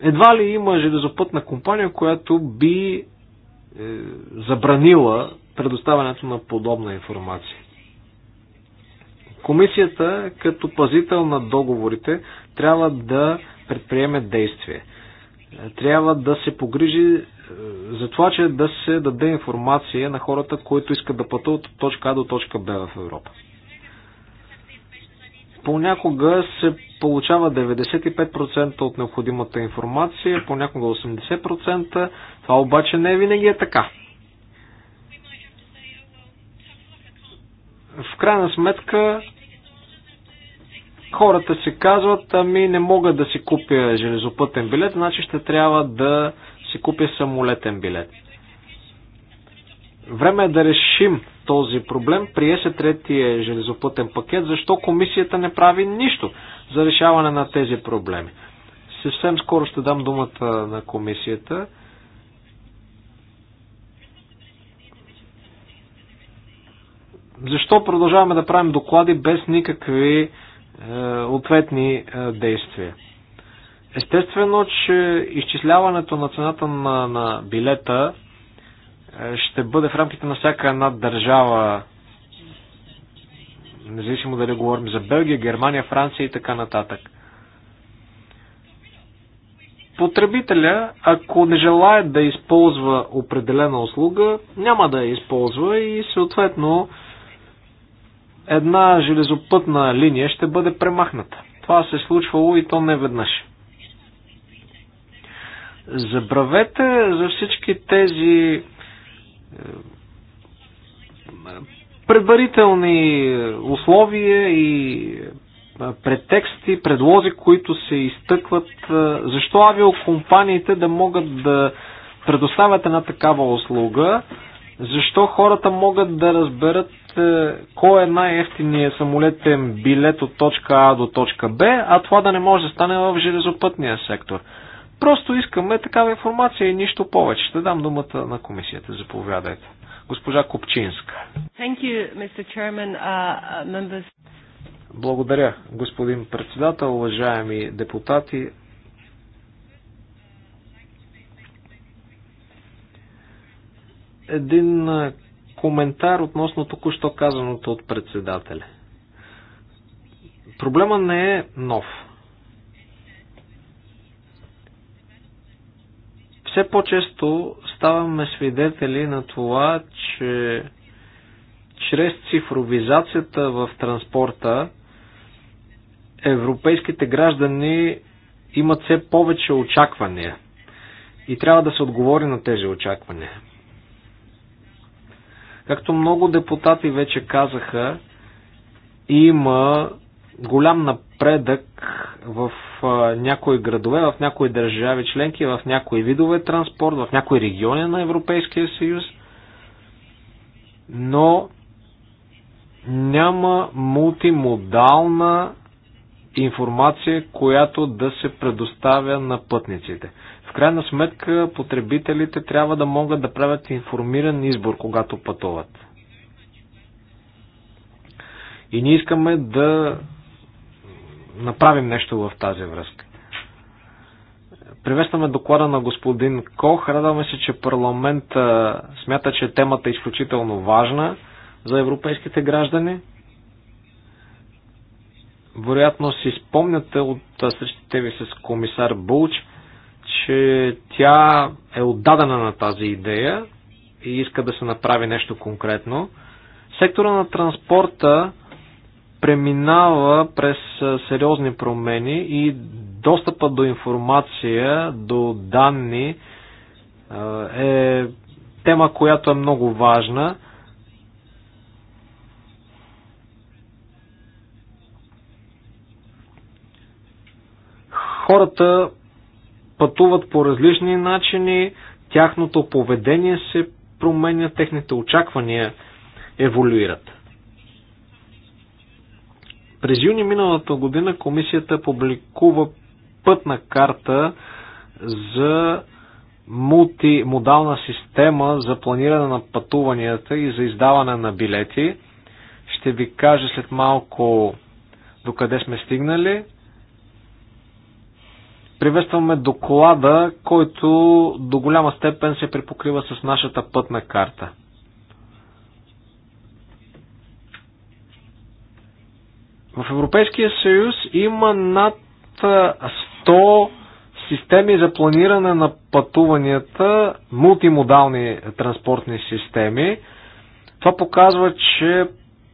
Едва ли има железопътна компания, която би е, забранила предоставянето на подобна информация. Комисията, като пазител на договорите, трябва да предприеме действие. Трябва да се погрижи за това, че да се даде информация на хората, които искат да пътуват от точка А до точка Б в Европа. Понякога се получава 95% от необходимата информация, понякога 80%, това обаче не винаги е така. В крайна сметка, хората се казват, ами не мога да си купя железопътен билет, значи ще трябва да си купя самолетен билет. Време е да решим този проблем. Прие се третия железопътен пакет. Защо комисията не прави нищо за решаване на тези проблеми? Съвсем скоро ще дам думата на комисията. Защо продължаваме да правим доклади без никакви е, ответни е, действия? Естествено, че изчисляването на цената на, на билета е, ще бъде в рамките на всяка една държава, независимо дали говорим за Белгия, Германия, Франция и така нататък. Потребителя, ако не желая да използва определена услуга, няма да я използва и съответно една железопътна линия ще бъде премахната. Това се е случвало и то не веднъж. Забравете за всички тези е, предварителни условия и е, претексти, предлози, които се изтъкват. Е, защо авиокомпаниите да могат да предоставят една такава услуга? Защо хората могат да разберат кой е най-ефтиният самолетен билет от точка А до точка Б, а това да не може да стане в железопътния сектор? Просто искаме такава информация и нищо повече. Ще дам думата на комисията. Заповядайте. Госпожа Копчинска. Uh, uh, Благодаря, господин председател, уважаеми депутати. Един коментар относно току-що казаното от председателя. Проблема не е нов. Все по-често ставаме свидетели на това, че чрез цифровизацията в транспорта европейските граждани имат все повече очаквания и трябва да се отговори на тези очаквания. Както много депутати вече казаха, има голям напредък в някои градове, в някои държави членки, в някои видове транспорт, в някои региони на Европейския съюз, но няма мултимодална информация, която да се предоставя на пътниците. В крайна сметка потребителите трябва да могат да правят информиран избор, когато пътуват. И ние искаме да направим нещо в тази връзка. Приветстваме доклада на господин Кох. Радваме се, че парламент смята, че темата е изключително важна за европейските граждани. Вероятно си спомняте от срещите ви с комисар Булч, че тя е отдадена на тази идея и иска да се направи нещо конкретно. Сектора на транспорта преминава през сериозни промени и достъпа до информация, до данни е тема, която е много важна. Хората пътуват по различни начини, тяхното поведение се променя, техните очаквания еволюират. През юни миналата година комисията публикува пътна карта за мултимодална система за планиране на пътуванията и за издаване на билети. Ще ви кажа след малко докъде сме стигнали. Приветстваме доклада, който до голяма степен се припокрива с нашата пътна карта. В Европейския съюз има над 100 системи за планиране на пътуванията, мултимодални транспортни системи. Това показва, че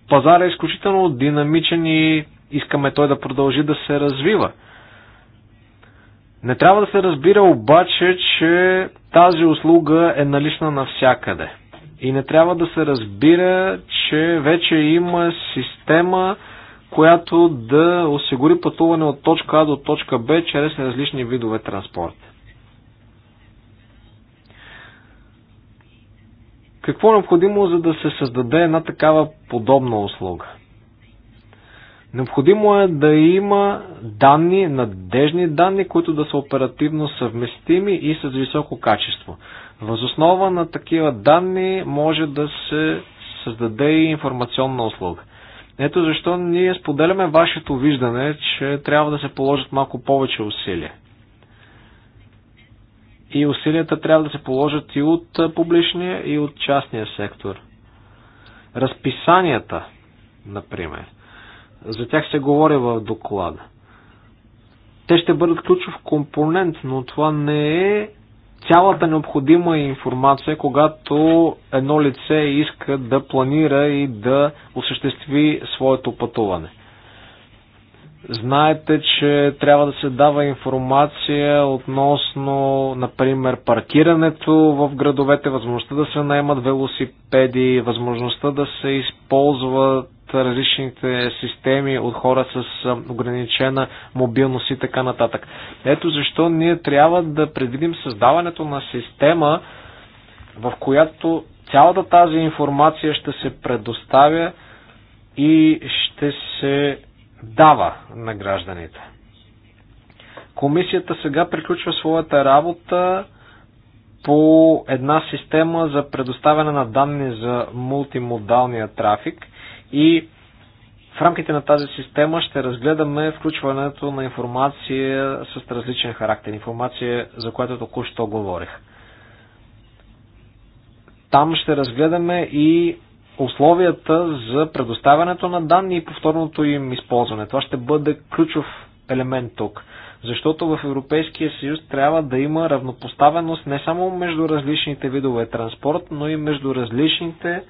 пазар е изключително динамичен и искаме той да продължи да се развива. Не трябва да се разбира обаче, че тази услуга е налична навсякъде. И не трябва да се разбира, че вече има система, която да осигури пътуване от точка А до точка Б чрез различни видове транспорт. Какво е необходимо, за да се създаде една такава подобна услуга? Необходимо е да има данни, надежни данни, които да са оперативно съвместими и с високо качество. Възоснова на такива данни може да се създаде и информационна услуга. Ето защо ние споделяме вашето виждане, че трябва да се положат малко повече усилия. И усилията трябва да се положат и от публичния, и от частния сектор. Разписанията, например, за тях се говори в доклада. Те ще бъдат ключов компонент, но това не е цялата необходима информация, когато едно лице иска да планира и да осъществи своето пътуване. Знаете, че трябва да се дава информация относно, например, паркирането в градовете, възможността да се наемат велосипеди, възможността да се използват различните системи, от хора с ограничена мобилност и така нататък. Ето защо ние трябва да предвидим създаването на система, в която цялата тази информация ще се предоставя и ще се дава на гражданите. Комисията сега приключва своята работа по една система за предоставяне на данни за мултимодалния трафик. И в рамките на тази система ще разгледаме включването на информация с различен характер. Информация, за която току-що говорих. Там ще разгледаме и условията за предоставянето на данни и повторното им използване. Това ще бъде ключов елемент тук. Защото в Европейския съюз трябва да има равнопоставеност не само между различните видове транспорт, но и между различните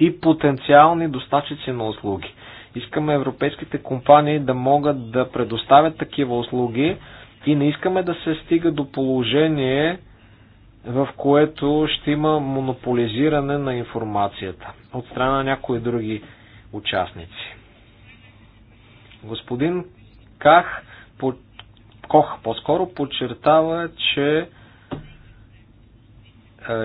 и потенциални доставчици на услуги. Искаме европейските компании да могат да предоставят такива услуги и не искаме да се стига до положение, в което ще има монополизиране на информацията от страна на някои други участници. Господин Ках, по, Кох по-скоро подчертава, че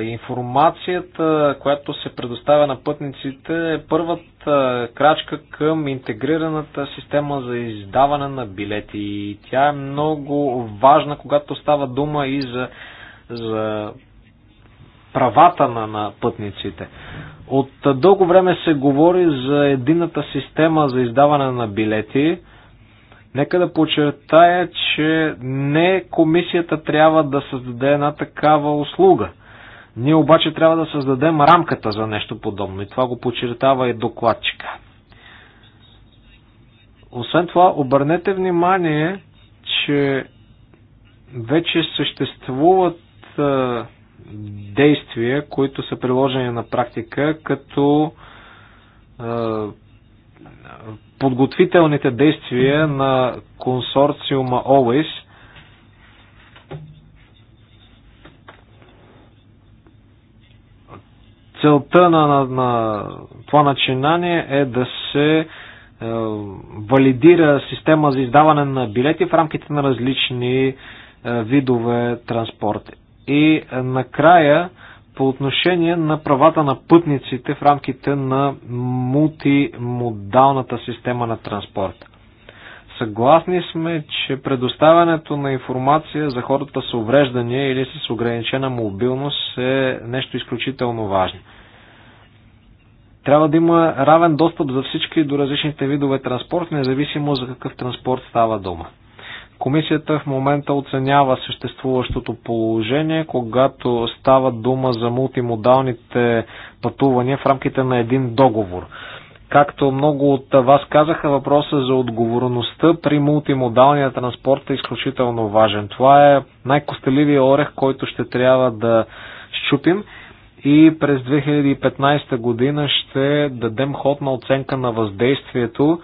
Информацията, която се предоставя на пътниците е първата крачка към интегрираната система за издаване на билети. И тя е много важна, когато става дума и за, за правата на, на пътниците. От дълго време се говори за едината система за издаване на билети. Нека да подчертая, че не комисията трябва да създаде една такава услуга – ние обаче трябва да създадем рамката за нещо подобно и това го подчертава и докладчика. Освен това, обърнете внимание, че вече съществуват действия, които са приложени на практика, като е, подготвителните действия на консорциума OLIS Целта на, на, на това начинание е да се е, валидира система за издаване на билети в рамките на различни е, видове транспорт. И е, накрая по отношение на правата на пътниците в рамките на мултимодалната система на транспорта. Съгласни сме, че предоставянето на информация за хората с увреждания или с ограничена мобилност е нещо изключително важно. Трябва да има равен достъп за всички до различните видове транспорт, независимо за какъв транспорт става дума. Комисията в момента оценява съществуващото положение, когато става дума за мултимодалните пътувания в рамките на един договор. Както много от вас казаха, въпроса за отговорността при мултимодалния транспорт е изключително важен. Това е най-костеливия орех, който ще трябва да щупим и през 2015 година ще дадем ход на оценка на въздействието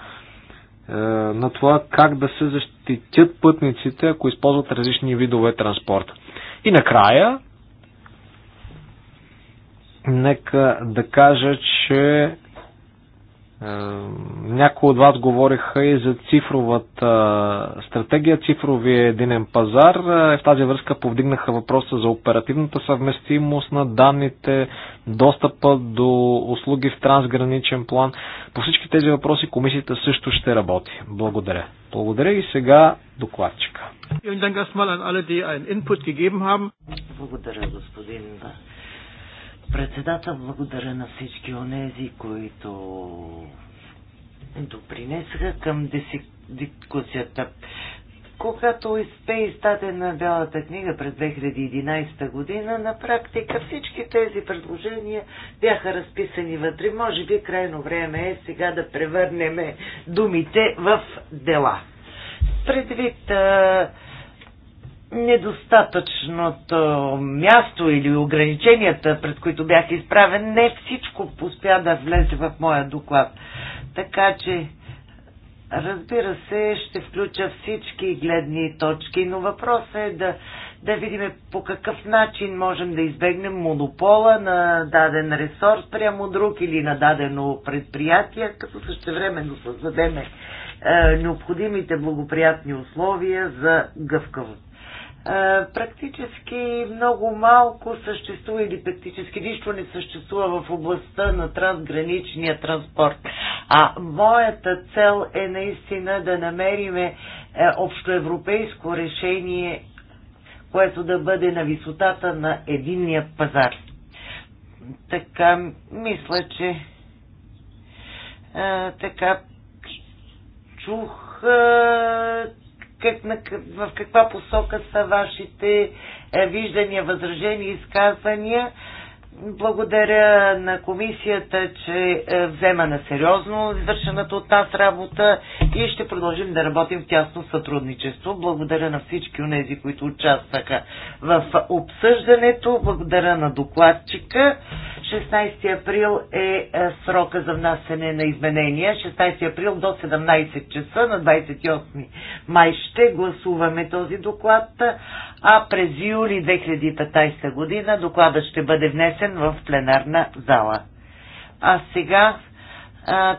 е, на това как да се защитят пътниците, ако използват различни видове транспорт. И накрая, нека да кажа, че е, някои от вас говориха и за цифровата стратегия, цифровия единен пазар. Е, в тази връзка повдигнаха въпроса за оперативната съвместимост на данните, достъпа до услуги в трансграничен план. По всички тези въпроси комисията също ще работи. Благодаря. Благодаря и сега докладчика. Благодаря, господин председател. Благодаря на всички онези, които допринесаха към дискусията. Когато изпе издаде на Бялата книга през 2011 година, на практика всички тези предложения бяха разписани вътре. Може би крайно време е сега да превърнем думите в дела. Предвид а, недостатъчното място или ограниченията, пред които бях изправен, не всичко успя да влезе в моя доклад. Така че, разбира се, ще включа всички гледни точки, но въпросът е да, да видим по какъв начин можем да избегнем монопола на даден ресурс прямо друг или на дадено предприятие, като същевременно създадем е, необходимите благоприятни условия за гъвкавост практически много малко съществува или практически нищо не съществува в областта на трансграничния транспорт. А моята цел е наистина да намериме общоевропейско решение, което да бъде на висотата на единния пазар. Така, мисля, че а, така чух а, как, на, в каква посока са вашите е, виждания, възражения, изказвания. Благодаря на комисията, че е, взема на сериозно извършената от нас работа и ще продължим да работим в тясно сътрудничество. Благодаря на всички от тези, които участваха в обсъждането. Благодаря на докладчика. 16 април е, е срока за внасене на изменения. 16 април до 17 часа на 28 май ще гласуваме този доклад, а през юли 2015 година докладът ще бъде внесен обсъден в пленарна зала. А сега а,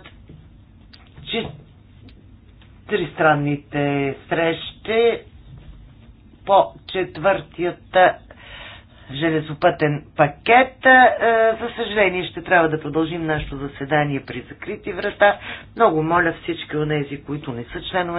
че, тристранните срещи по четвъртият железопътен пакет. За съжаление ще трябва да продължим нашето заседание при закрити врата. Много моля всички от тези, които не са членове на